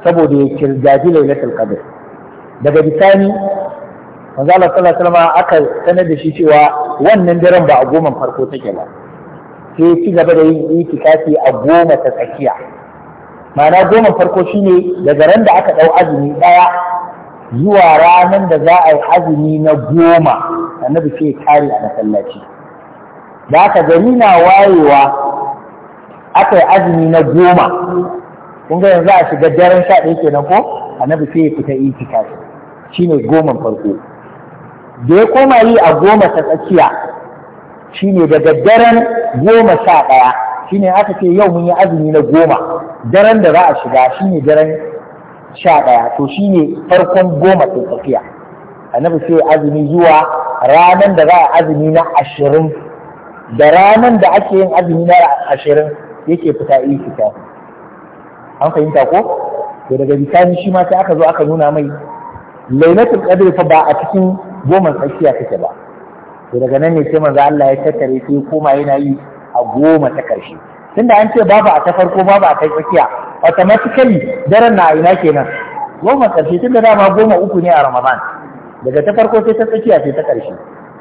saboda ya kirgaji lailatul qadr daga bisani manzo Allah sallallahu alaihi wasallam aka sanar da shi cewa wannan daren ba a goma farko take ba sai ci gaba da yin itikafi a goma ta tsakiya ma'ana goma farko shine daga ran da aka dau azumi ɗaya zuwa ranar da za a yi azumi na goma annabi sai kare a masallaci da aka gani na wayewa aka yi azumi na goma kun ga yanzu a shiga daren sha ɗaya kenan ko annabi sai ya fita itikafi shine goma farko da ya koma yi a goma ta tsakiya shine daga daren goma sha ɗaya shine aka ce yau mun yi azumi na goma daren da za a shiga shine daren sha ɗaya to shi ne farkon goma sai tafiya annabi sai azumi zuwa ranar da za a azumi na ashirin da ranar da ake yin azumi na ashirin yake fita ifita an fahimta ko to daga bisani shi ma sai aka zo aka nuna mai lailatul qadr fa ba a cikin goma tsakiya take ba daga nan ne sai manzo Allah ya tattare sai koma yana yi a goma ta karshe tunda an ce babu a ta farko babu a ta tsakiya automatically daren na ina kenan goma karshe tunda dama goma uku ne a Ramadan daga ta farko sai ta tsakiya sai ta karshe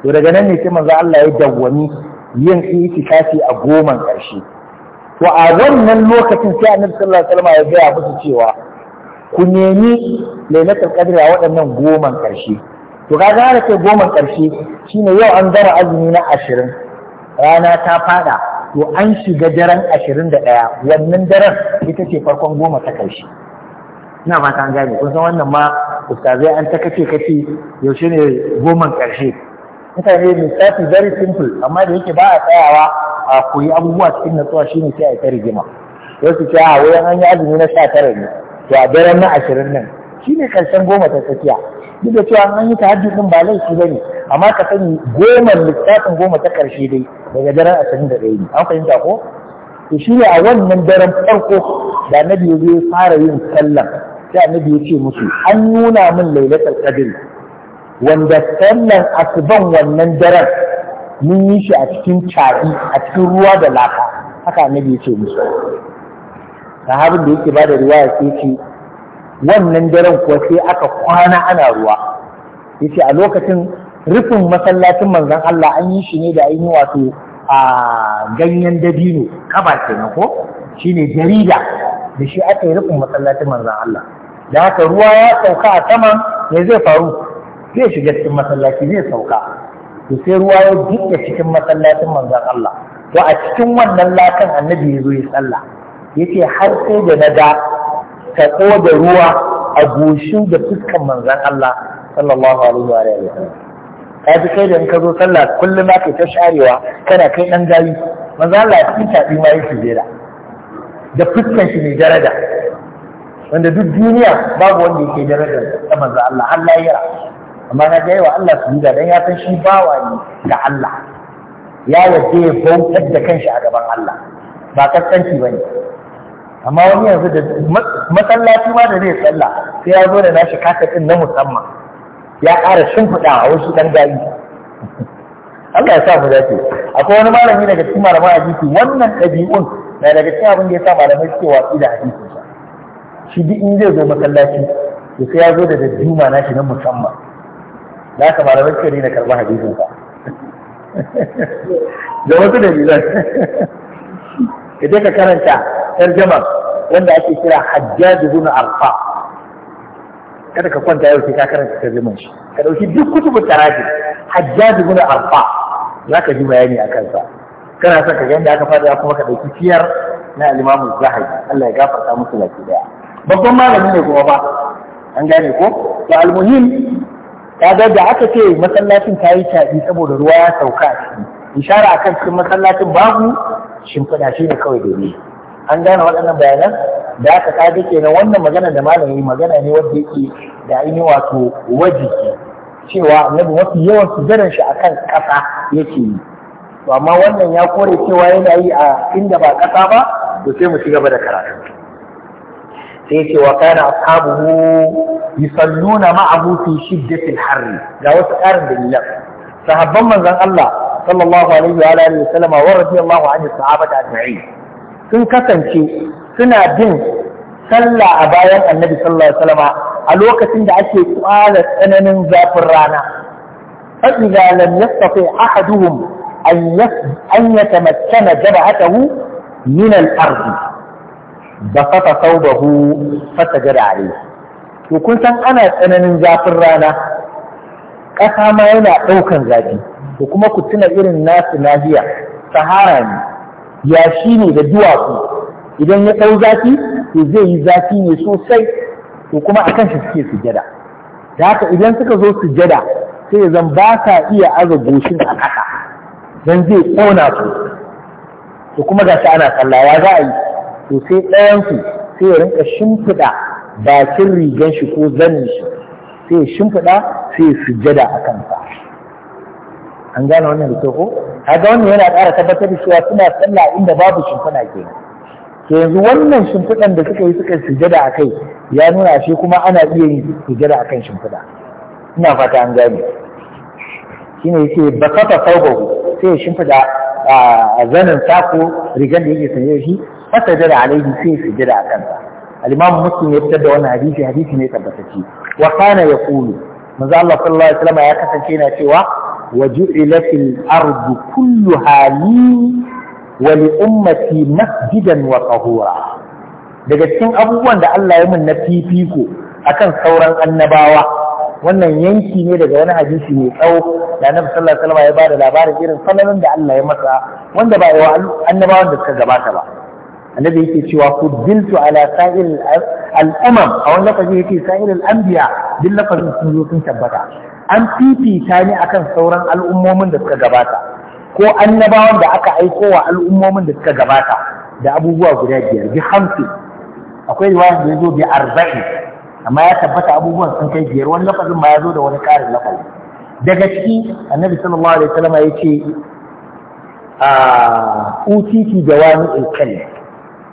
to daga nan ne sai manzo Allah ya dawwami yin itikafi a goman karshe to a wannan lokacin sai Annabi sallallahu alaihi wasallam ya gaya musu cewa ku nemi lailatul qadr a waɗannan goman karshe to ga da ce goma ƙarshe shine yau an gama azumi na ashirin rana ta fada to an shiga daren ashirin da ɗaya wannan daren ita ce farkon goma ta ƙarshe ina fata an gane kun san wannan ma ustazai an ta kace kace yaushe ne goman ƙarshe mutane "Safi very simple amma da yake ba a tsayawa a koyi abubuwa cikin natsuwa shine sai a ta rigima yau su ce a ah, wayan an yi azumi na sha tara ne to a daren na ashirin nan shine ƙarshen goma ta tsakiya duk da cewa an yi ta haddi din ba laifi ba ne amma ka sani goma lissafin goma ta ƙarshe dai daga daren ashirin da ɗaya ne an fahimta ko to shi ne a wannan daren farko da annabi ya zo fara yin sallan sai annabi ya ce musu an nuna min lailatul qadr wanda sallan asuban wannan daren mun yi shi a cikin caɗi a cikin ruwa da laka haka annabi ya ce musu sahabin da yake ba ruwa riwaya sai ce wannan daren kuwa sai aka kwana ana ruwa yace a lokacin rufin masallacin manzon Allah an yi shi ne da ainihin wato a ganyen dabino kaba kenan ko shine jarida da shi aka yi rufin masallacin manzon Allah da haka ruwa ya sauka a sama me zai faru zai shiga cikin masallaci zai sauka to sai ruwa ya dinga cikin masallacin manzon Allah to a cikin wannan lakan annabi ya zo ya sallah yace har sai da na da taɓo da ruwa a goshin da fuskan manzan Allah sallallahu alaihi wa sallam ka fi kai da in ka zo sallah kullum za ka ta sharewa kana kai ɗan gari. manzan Allah ya fi taɓi ma yake jera da fuskan shi ne daraja wanda duk duniya babu wanda yake darajar ta manzan Allah ya lahira amma na ga yawa Allah su yi dan ya san shi bawa ne ga Allah ya yarda ya bautar da kanshi a gaban Allah ba kaskanci bane amma wani yanzu da masallaci ma da zai tsalla sai ya zo da nashi ɗin na musamman ya ƙara shimfiɗa a wasu ɗan gari Allah ya sa mu dace akwai wani malami daga cikin malaman hadisi wannan ɗabi'un na daga cikin abin da ya sa malamai suke watsi da hadisi shi duk in zai zo masallaci to sai ya zo da dadduma nashi na musamman da haka malamai suke daina karɓar hadisin sa da wasu dalilan idan ka karanta tarjama wanda ake kira hajjaj ibn arfa kada ka kwanta yau sai ka karanta tarjaman shi ka dauki duk kutubun taraji hajjaj ibn arfa zaka ji bayani akan sa kana son ka ga yadda aka fada kuma ka dauki siyar na al-Imam Allah ya gafarta musu baki daya babban malami ne kuma ba an gane ko to al-muhim kaga da aka ce masallacin ta yi shaɗi saboda ruwa ya sauka a ciki ishara akan cikin masallacin babu shimfiɗa shi ne kawai domin an gane waɗannan bayanan da aka kaji kenan wannan magana da yi magana ne wanda yake da ainihin wato wajiki cewa annabi mafi yawan sujaran shi akan ƙasa yake yi to amma wannan ya kore cewa yana yi a inda ba ƙasa ba to sai mu ci gaba da karatu sai ce wa kana ashabuhu yusalluna ma'ahu fi shiddatil harri ga wasu ƙarin dalilan sahabban manzon Allah sallallahu alaihi wa alihi wa sallama wa radiyallahu anhu sahabata ajma'in sun kasance suna bin sallah a bayan annabi sallallahu alaihi wasallam a lokacin da ake kwala tsananin zafin rana fa idza lam yastati ahaduhum an an yatamakkana jabhatahu min al-ard bafata thawbahu fasajada alayhi to kun san ana tsananin zafin rana ƙasa ma yana ɗaukan zafi to kuma ku tuna irin nasu nahiya sahara ne yashi ne da duwatsu idan ya ɗau zafi to zai yi zafi ne sosai to kuma akan shi suke sujada da haka idan suka zo sujada sai zan ba sa iya aza goshin a ƙasa don zai ƙona su to kuma ga ana tsallawa za a yi to sai ɗayansu sai ya rinka shimfiɗa bakin rigan shi ko zanin shi sai ya shimfiɗa sai ya sujada a kansa an gane wannan da ke ko kaga wannan yana ƙara tabbatar da cewa suna sallah inda babu shimfiɗa ke ke yanzu wannan shimfiɗan da suka yi suka sujada a kai ya nuna shi kuma ana iya yin sujada a kan shimfiɗa ina fata an gane shine yake ba kafa saubahu sai ya shimfiɗa a zanin sako rigan da yake sanye shi fasajada alaihi sai ya sujada a kansa al-imam muslim ya fitar da wannan hadisi hadisi ne tabbatacce wa kana yaqulu manzo Allah sallallahu alaihi wasallam ya kasance yana cewa وجعلت الأرض كلها لي ولأمتي مسجدا وطهورا daga cikin abubuwan da Allah ya mun na fifiko akan sauran annabawa wannan yanki ne daga wani hadisi mai tsawo da Annabi sallallahu alaihi wasallam ya bada labarin irin falalan da Allah ya masa wanda ba yawa annabawan da suka gabata ba annabi yake cewa fuddiltu ala sa'il al-umam a wannan kaje yake sa'il al-anbiya duk lafazin sun zo sun tabbata an fifita ni akan sauran al'ummomin da suka gabata ko annabawan da aka aiko wa al'ummomin da suka gabata da abubuwa guda biyar bi hamsi akwai riwaya da yazo bi arba'in amma ya tabbata abubuwan sun kai biyar wani lafazin ma ya zo da wani ƙarin lafazi daga ciki annabi sallallahu alaihi wasallam ya ce a utiti jawami al-kalim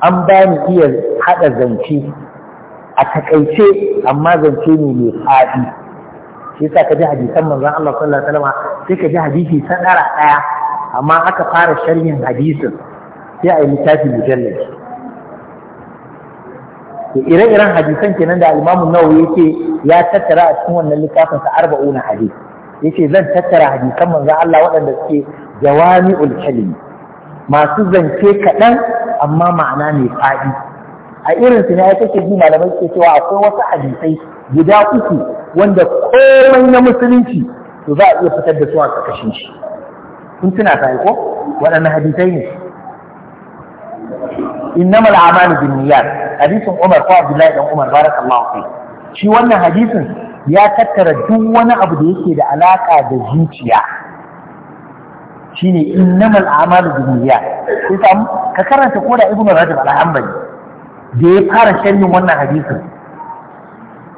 an bani iya hada zance a takaice amma zance ne mai faɗi. shi yasa ka ji hadisan manzon Allah sallallahu alaihi wasallam sai ka ji hadisi sadara daya amma aka fara sharhin hadisin sai a yi littafi mujallal to ire-iren hadisan kenan da Imam Nawawi yake ya tattara a cikin wannan littafin sa 40 hadis yace zan tattara hadisan manzon Allah waɗanda suke jawami'ul kalimi masu zance kaɗan amma ma'ana mai faɗi a irin su ne ya kake ji malamai ke cewa akwai wasu hadisai guda uku wanda komai na musulunci to za a iya fitar da su a ƙarƙashin shi kun tuna ta ko waɗannan hadisai ne innamal a'malu binniyat hadisin Umar ko Abdullahi dan Umar barakallahu fi shi wannan hadisin ya tattara duk wani abu da yake da alaka da zuciya shine innamal a'malu binniyat sai ka karanta ko da Ibn Rajab al-Hanbali da ya fara sharhin wannan hadisin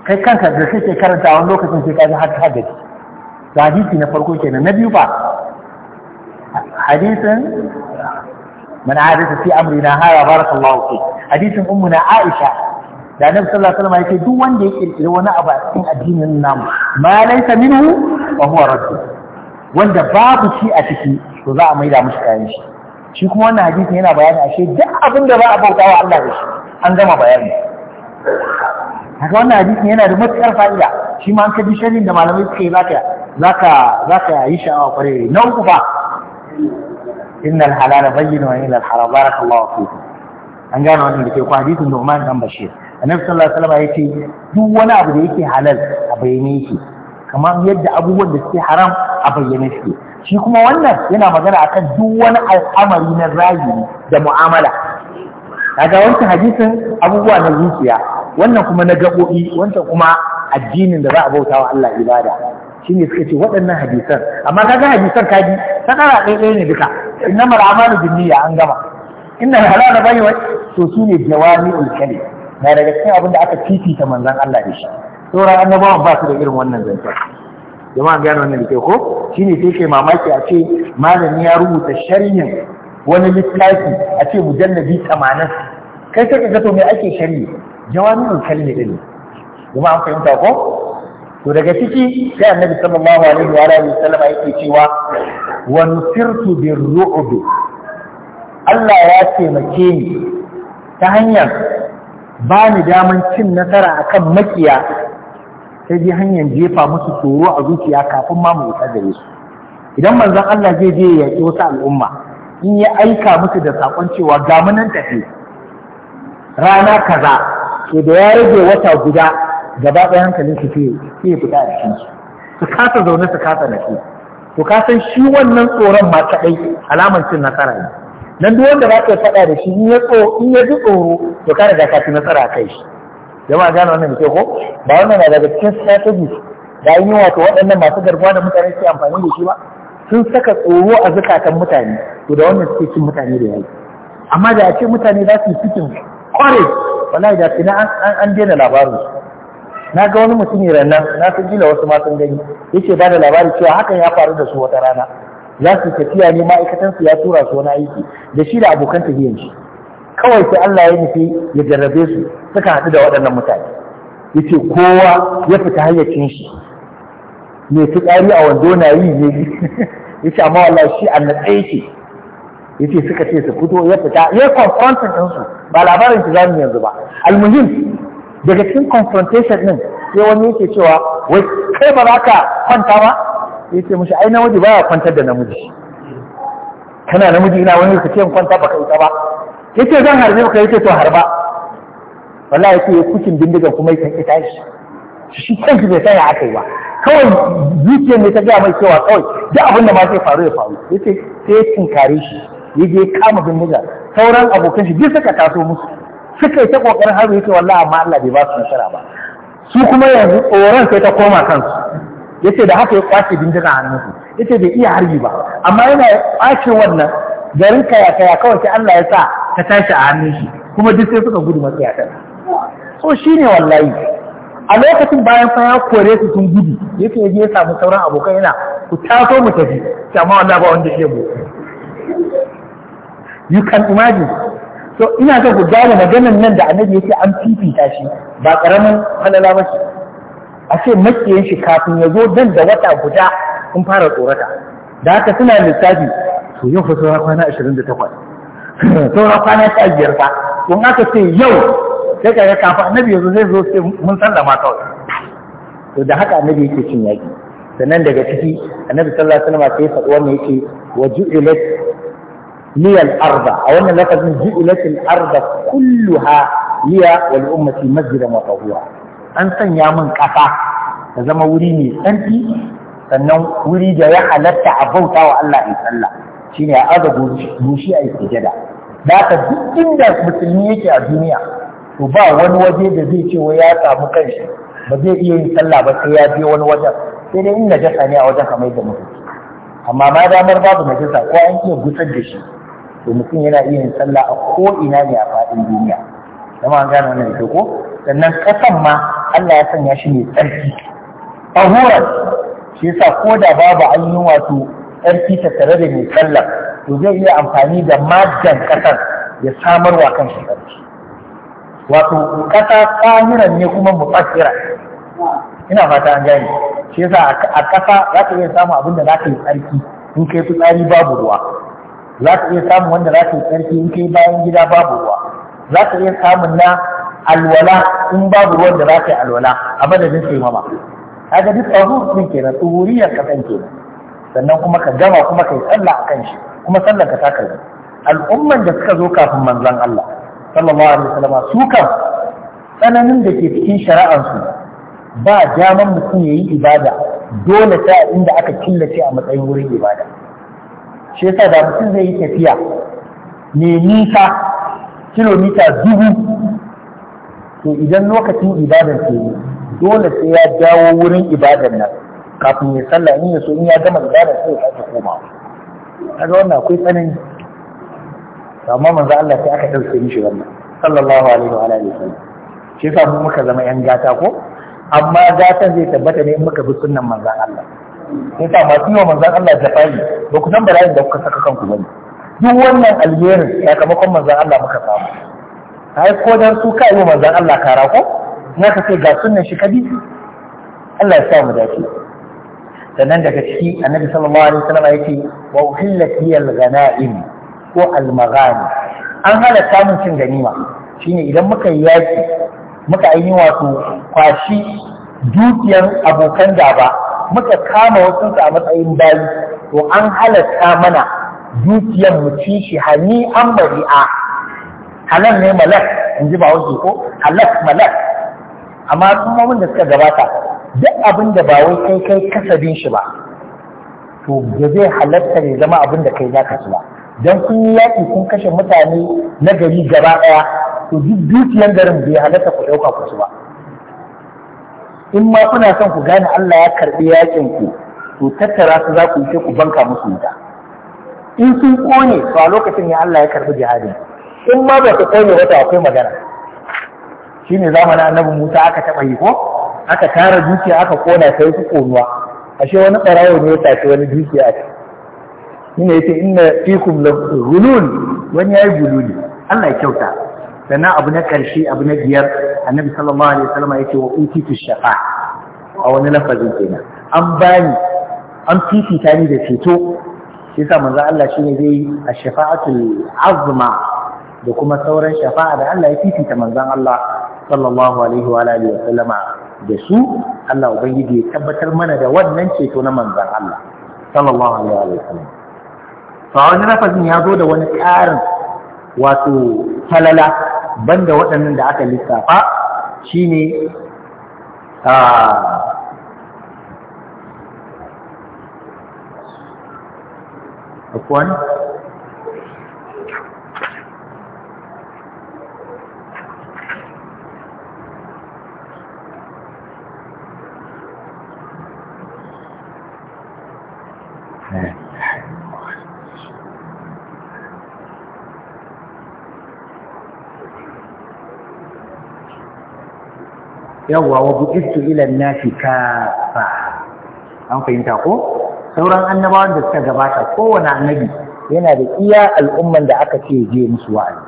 kai kanka da kake karanta wani lokacin sai kaji har haddace to hadisi na farko kenan na biyu ba hadisin man hadisa fi amrina hara barakallahu fi hadisin ummuna aisha da annabi sallallahu alaihi wasallam yake duk wanda ya kirkiri wani abu a cikin addinin namu ma laysa minhu wa huwa radd wanda babu shi a ciki to za a maida mishi kayan shi shi kuma wannan hadisin yana bayani ashe duk abin da za a wa Allah da shi an gama bayani haka wannan hadisin yana da matuƙar fa'ida shi ma an ka ji sharhin da malamai suka yi zaka zaka zaka yi sha'awa kwarai na uku fa Inna innal halala bayyana wa innal haram barakallahu fikum an gane wannan da ke ku hadisin Nu'man dan Bashir annabi sallallahu alaihi wasallam yace duk wani abu da yake halal a bayyane yake kamar yadda abubuwan da suke haram a bayyane suke shi kuma wannan yana magana akan duk wani al'amari na zahiri da mu'amala kaga wancan hadisin abubuwa na zuciya wannan kuma na gaɓoɓi wancan kuma addinin da za a bautawa Allah ibada shine suka ce waɗannan hadisan amma kaga hadisan kaji ta kara ɗaya ne duka innama al'amalu binniya an gama inna halala bai wai to su ne jawami'ul kalim na daga cikin abin da aka fifita manzon Allah da shi sauran annabawan ba su da irin wannan zancen jama'a gane wannan da ke ko shine sai ke mamaki a ce malami ya rubuta sharhin wani littafi a ce mujallabi 80 kai sai ka to me ake sharhi jawami'ul kalmi din kuma an fahimta ko to daga ciki sai annabi sallallahu alaihi wa alihi sallama yake cewa wa nusirtu birru'b Allah ya taimake ni ta hanyar ba ni daman cin nasara akan makiya ta ji hanyar jefa musu tsoro a zuciya kafin ma mu isa gare su idan manzon Allah zai je ya yaƙi wata al'umma in ya aika musu da saƙon cewa ga munan tafi rana kaza to da ya rage wata guda gaba ɗaya hankalin su ke fita a cikin su su kasa zaune su kasa nafi to ka san shi wannan tsoron ma kaɗai alamar cin nasara ne nan duk wanda ba ka faɗa da shi in ya ji tsoro to ka riga ka ci nasara kai shi jama'a gano wannan da ke ko ba wannan na daga cikin strategy da yi wato waɗannan masu garkuwa da mutane ke amfani da shi ba sun saka tsoro a zukatan mutane to da wannan suke cin mutane da yayi amma da a ce mutane za su yi cikin kware wallahi da an an daina labarin na ga wani mutum ne rannan na san gina wasu ma sun gani yake ba da labari cewa hakan ya faru da su wata rana za su tafiya ne ma'aikatan su ya tura su wani aiki da shi da abokan tafiyan shi kawai sai Allah ya nufi ya jarrabe su suka haɗu da waɗannan mutane yace kowa ya fita hayyacin shi mai fitsari a wando na yi ne ya ce amma wallahi shi a natsa yake ya ce suka ce su fito ya fita ya confronting ɗinsu ba labarin su zamu yanzu ba almuhim daga cikin confrontation ɗin sai wani yake cewa wai kai ba za ka kwanta ba ya ce mushi ai namiji ya kwantar da namiji kana namiji ina wani ka ce in kwanta ba ka ita ba ya ce zan harbe ka ya ce to harba wallahi ya ce kucin bindigan kuma ya kan ita shi shi kanshi bai sanya aka yi ba kawai zuciyar ne ta gaya mai cewa kawai duk abin da ma zai faru ya faru ya ce sai ya tunkare shi ya je kama bindiga sauran abokan shi duk suka taso musu suka yi ta kokarin haru ya ce wallahi amma Allah bai ba su nasara ba su kuma yanzu tsoron sai ta koma kansu ya ce da haka ya kwace bindiga hannunsu ya ce bai iya harbi ba amma yana kwace wannan garin kaya kaya kawai sai Allah ya sa ta tashi a hannun shi kuma duk sai suka gudu matsaya so shine wallahi a lokacin bayan fa ya kore su sun gudu yake yaje ya samu sauran abokan yana ku taso mu tafi amma wallahi ba wanda ke mu you can imagine so ina ga ku da maganar nan da annabi yake an fifita shi ba karamin halala ba shi a ce makiyin shi kafin ya zo dan da wata guda sun fara tsorata da haka suna lissafi to yau fa sauran kwana 28 sauran kwana 15 fa kun aka ce yau sai kaga kafin annabi yanzu zai zo sai mun sallama kawai to da haka annabi yake cin yaki sannan daga ciki annabi sallallahu alaihi wasallam sai ya faɗi yake wa ju'ilat liyal arda a wannan lafazin ju'ilat al arda kulluha liya wal ummati masjidan wa tahura an sanya min kafa ta zama wuri mai tsanti sannan wuri da ya halatta a bauta wa Allah in sallah shine a azabu bushi a sujada da ka duk inda musulmi yake a duniya to ba wani waje da zai ce wai ya samu kanshi ba zai iya yin sallah ba sai ya je wani wajen sai dai in najasa ne a wajen kamar da mutum amma ma damar babu najasa ko an iya gusar da shi to mutum yana iya yin sallah a ko ina ne a faɗin duniya kuma an gane wannan ita ko sannan kasan ma Allah ya sanya shi ne tsarki tahuran shi yasa ko da babu an yi wato tsarki tare da mai sallah to zai iya amfani da madan kasar ya samarwa kan shi tsarki wato ƙasa tsamiran ne kuma mutsakira ina fata an gani. shi yasa a ƙasa za ka iya samun abin da za ka yi tsarki in kai fitsari babu ruwa za ka iya samun wanda za ka yi tsarki in kai bayan gida babu ruwa za ka iya samun na alwala in babu ruwan da za ka yi alwala a madadin sai mama kaga duk tsahur din kenan ka san kenan sannan kuma ka gama kuma yi sallah akan shi kuma sallar ka ta karbi al'umman da suka zo kafin manzon Allah sallallahu alaihi wasallam su kan tsananin da ke cikin shari'arsu ba daman mutum ya yi ibada dole sai a inda aka killace a matsayin wurin ibada shi yasa da mutum zai yi tafiya ne nisa kilomita dubu to idan lokacin ibadar ke yi dole sai ya dawo wurin ibada nan kafin ya sallah in ya so in ya gama ibadar sai ya sake komawa kaga wannan akwai tsanani amma manzo Allah sai aka dauke mishi wannan sallallahu alaihi wa alihi wasallam shi yasa mu muka zama yan gata ko amma gatan zai tabbata ne muka bi sunnan manzon Allah sai sa masu yi wa manzon Allah jafari ba ku san bala'in da kuka saka kanku bane duk wannan alherin sakamakon manzon Allah muka samu ai ko dan su kai wa manzon Allah kara ko ka sai ga sunnan shi kadi Allah ya sa mu dace sannan daga ciki annabi sallallahu alaihi wasallam yake wa uhillat hiya al-ghanaim ko almagani an hana samun cin ganima shine idan muka yi yaki muka yi wato kwashi dukiyar abokan gaba muka kama wasu a matsayin bayi to an halatta mana dukiyar mu ci shi hani an a halal ne malak in ji ba wasu ko halak malak amma kuma da suka gabata duk abin da ba wai kai kai kasabin shi ba to da zai halatta ne zama abin da kai zaka ci ba dan kun yi yaƙi kun kashe mutane na gari gaba ɗaya to duk dukiyan garin bai halatta ku ɗauka ku ba in ma kuna son ku gane Allah ya karɓi yaƙin ku to tattara su za ku yi ku banka musu wuta in sun kone to a lokacin ne Allah ya karɓi jihadin in ma ba su kone wata akwai magana Shi ne zamanin annabi Musa aka taɓa yi ko aka tara dukiya aka kona sai su konuwa ashe wani ɓarawo ne ya tafi wani dukiya a ciki shine yace inna fikum la ghulul wani yayi gululi Allah ya kyauta sannan abu na karshe abu na biyar annabi sallallahu alaihi wasallam yace wa uti utitu shafa a wani lafazin kenan an bani an fifita ni da ceto shi yasa manzo Allah shine zai yi ash-shafa'atul azma da kuma sauran shafa'a da Allah ya ta manzo Allah sallallahu alaihi wa alihi wasallama da su Allah ubangiji ya tabbatar mana da wannan ceto na manzo Allah sallallahu alaihi wa alihi wa a wani nafasin ya zo da wani ƙarin wato talala banda waɗannan da aka lissafa shine akwai Yeah. yawwa wa bu'istu ila nasi kafa an fahimta ko sauran annabawan da suka gabata kowane annabi yana da iya al'umman da aka ce je musu wa'azi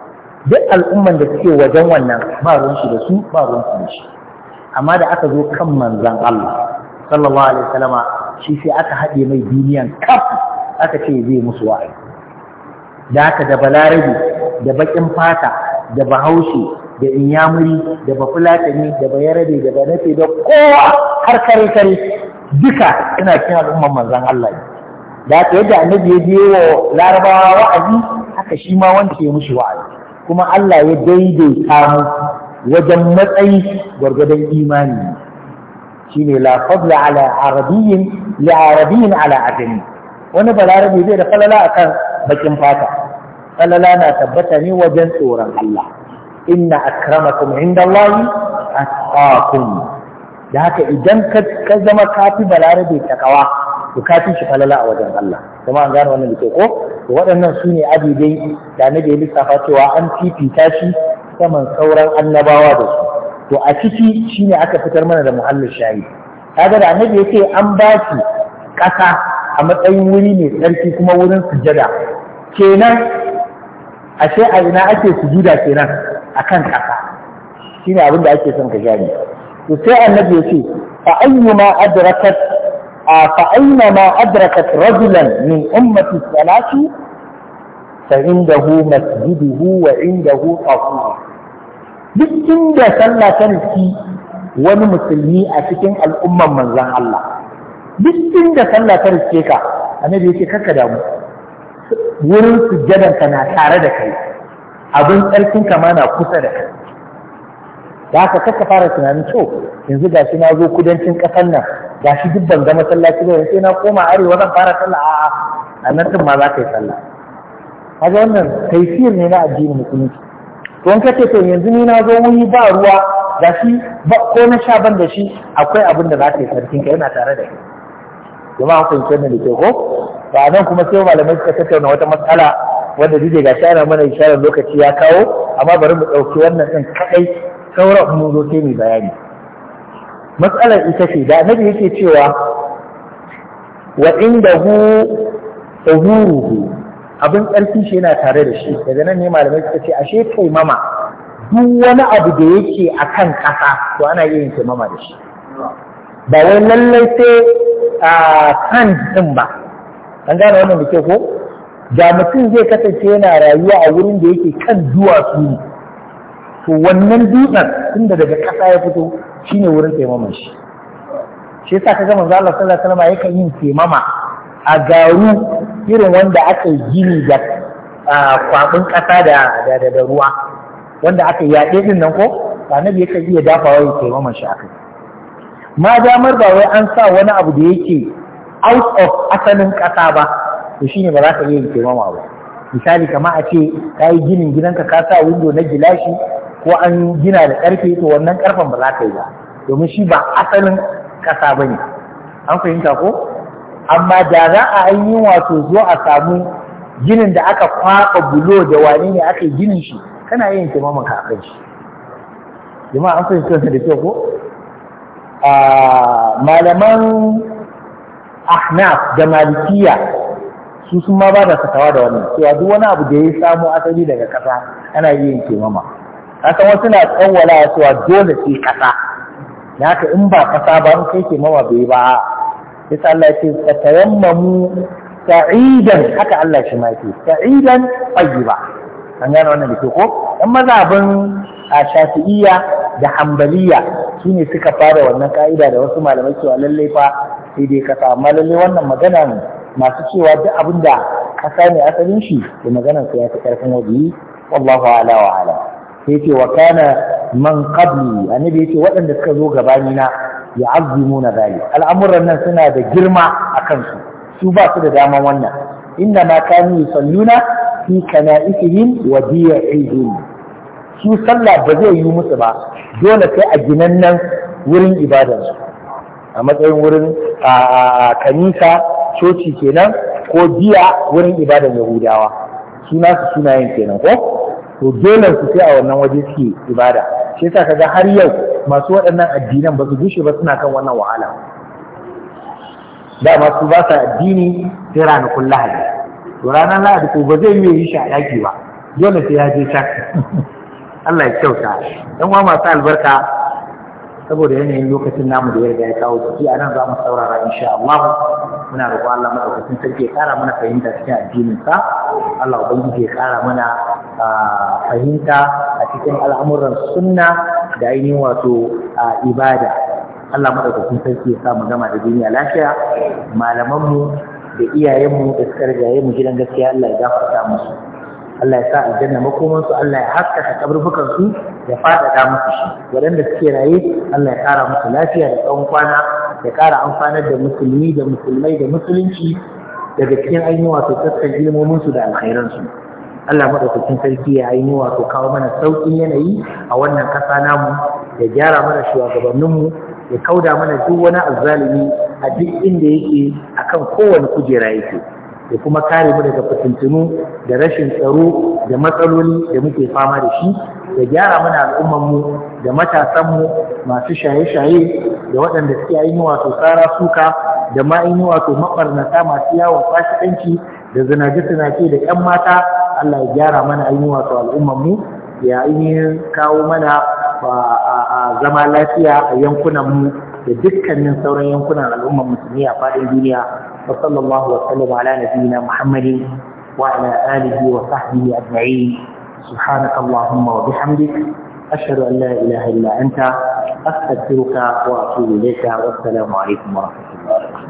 duk al'umman da suke wajen wannan ba ruwan shi da su ba ruwan su da shi amma da aka zo kan manzon Allah sallallahu alaihi wasallama shi sai aka haɗe mai duniyan kaf aka ce je musu wa'azi da aka da balarabi da bakin fata da bahaushe da inyamuri da bafulatani da bayarabe da nafe da kowa har kare kare duka suna cin al'umman manzan Allah da ta yadda annabi ya je wa larabawa wa'azi haka shi ma wanda ya mushi wa'azi kuma Allah ya daidaita mu wajen matsayi gwargwadon imani shine la fadla ala arabiyyin li arabiyyin ala ajami wani balarabe zai da falala akan bakin fata falala na tabbata ne wajen tsoron Allah inna akramakum indallahi atqakum da haka idan ka zama kafi balarabe takawa to kafi shi falala a wajen Allah kuma an gano wannan da ko waɗannan su ne abidai da annabi ya lissafa cewa an fifita shi saman sauran annabawa da su to a ciki shine aka fitar mana da muhallin shayi kaga da annabi yake an ba shi ƙasa a matsayin wuri mai tsarki kuma wurin sujada kenan ashe a ina ake sujuda kenan a kan ƙasa shi ne abin da ake son ka gane to sai annabi ya ce fa ayyuma ma adrakat rajulan min ummati salatu fa indahu masjiduhu wa indahu tahuru duk inda sallah ta riski wani musulmi a cikin al'umman manzon Allah duk inda sallah ta riske ka annabi ya ce kakka damu wurin sujjadanka na tare da kai abin tsarkin kama na kusa da kai da aka kaka fara tunanin to yanzu gashi na zo kudancin ƙasar nan gashi duk ban ga masallaci ba sai na koma arewa zan fara sallah a'a a tun ma za ka yi sallah kaga wannan taifiyar ne na addinin musulunci to in ka ce to yanzu ni na zo wuri ba ruwa gashi shi ko na sha ban da shi akwai abin da za ka yi sarkin ka yana tare da kai jama'a kun san da ke ko ba nan kuma sai malamai suka tattauna wata matsala wanda duk da shara mana isharar lokaci ya kawo amma bari mu ɗauki wannan ɗin kaɗai sauran mu zo ce mai bayani matsalar ita ce da nabi yake cewa wa indahu uhuruhu abin karfi shi yana tare da shi daga nan ne malamai suka ce ashe kai mama, duk wani abu da yake akan kasa to ana iya yin mama da shi ba wai lallai sai a ah, kan din ba an gane wannan da ke ko da mutum zai kasance yana rayuwa a wurin da yake kan duwatsu ne to wannan dutsen tunda daga ƙasa ya fito shine wurin taimaman shi shi yasa kaga manzo Allah sallallahu alaihi wasallam yakan yin taimama a garu irin wanda aka yi gini da kwabin ƙasa da da ruwa wanda aka yi yaɗe din nan ko annabi yakan iya dafawa ya taimaman shi akai ma damar ba wai an sa wani abu da yake out of asalin ƙasa ba to shine ba za ka iya taimama ba misali kama a ce ka yi ginin gidanka ka sa windo na gilashi ko an gina da karfe to wannan ƙarfen ba za ka yi ba domin shi ba asalin ƙasa ba ne an fahimta ko amma da za a yi wato zo a samu ginin da aka kwaɓa bulo da wane ne aka yi ginin shi kana yin mama ka akan shi jama'a an fahimta da kyau ko ah, malaman ahnaf da malikiya su sun ma ba da sakawa da wannan cewa duk wani abu da ya samu asali daga kasa ana iya yin kemama kasan wasu na tsawwala cewa dole sai kasa da ka in ba kasa ba in kai kemama bai ba yasa Allah ya ce tayammamu sa'idan haka Allah shi ma yake sa'idan ba. an gane wannan da ke ko dan mazhabin a shafi'iyya da hanbaliya shine suka fara wannan ka'ida da wasu malamai cewa lalle fa sai dai ka amma lallai wannan magana masu cewa duk abin da ka ne asalin shi da maganar su ya fi ƙarfin wabi wallahu ala wa ala sai ce wa kana man qabli annabi yace waɗanda suka zo gabani na ya'azzimuna zalik al'amuran nan suna da girma a kansu su ba su da daman wannan inna ma kanu yusalluna fi kana'ihim wa bi'ihim su sallah ba zai yi musu ba dole sai a ginannan wurin ibadarsu a matsayin wurin kanisa coci kenan ko biya wurin ibadan yahudawa suna su sunayen kenan ko to dole su sai a wannan waje suke ibada shi yasa kaga har yau masu waɗannan addinan ba su gushe ba suna kan wannan wahala Da masu ba sa addini sai ranakun lahadi to ranar lahadi ko ba zai yi shi a yaki ba dole sai ya je can Allah ya kyauta dan uwa masu albarka saboda yanayin lokacin namu da ya riga ya kawo jiki a nan za mu saurara sha Allah muna roƙo Allah madaukakin sarki ya ƙara mana fahimta cikin addinin sa Allah ubangiji ya ƙara mana fahimta a cikin al'amuran sunna da ainihin wato ibada Allah madaukakin sarki ya sa mu gama da duniya lafiya Malamanmu da iyayenmu da suka rigaye mu gidan gaskiya Allah ya gafarta musu Allah ya sa aljanna makoman su Allah ya haskaka kaburbukan su ya faɗaɗa musu shi waɗanda suke raye Allah ya ƙara musu lafiya da tsawon kwana ya ƙara amfanar da musulmi da musulmai da musulunci daga cikin ainihin wato sassan ilmomin su da su. Allah maɗaukakin sarki ya ainihin wato kawo mana sauƙin yanayi a wannan ƙasa namu ya gyara mana mu, ya kauda mana duk wani azzalumi a duk inda yake akan kowane kujera yake Da kuma kare mu daga fitintunu da rashin tsaro da matsaloli da muke fama da shi da gyara mana al'ummarmu da matasanmu masu shaye-shaye da waɗanda suke ainihin wato tsara suka da ma ainihin wato maɓarnata masu yawon fasikanci da zinaje-zinaje da 'yan mata Allah ya gyara mana ainihin wato al'ummarmu ya ainihin kawo mana zama lafiya a yankunanmu da dukkanin sauran yankunan al'ummar musulmi a faɗin duniya wa sallallahu wa sallam ala nabiyina muhammadin wa ala alihi wa sahbihi ajma'in سبحانك اللهم وبحمدك أشهد أن لا إله إلا أنت أستغفرك وأتوب إليك والسلام عليكم ورحمة الله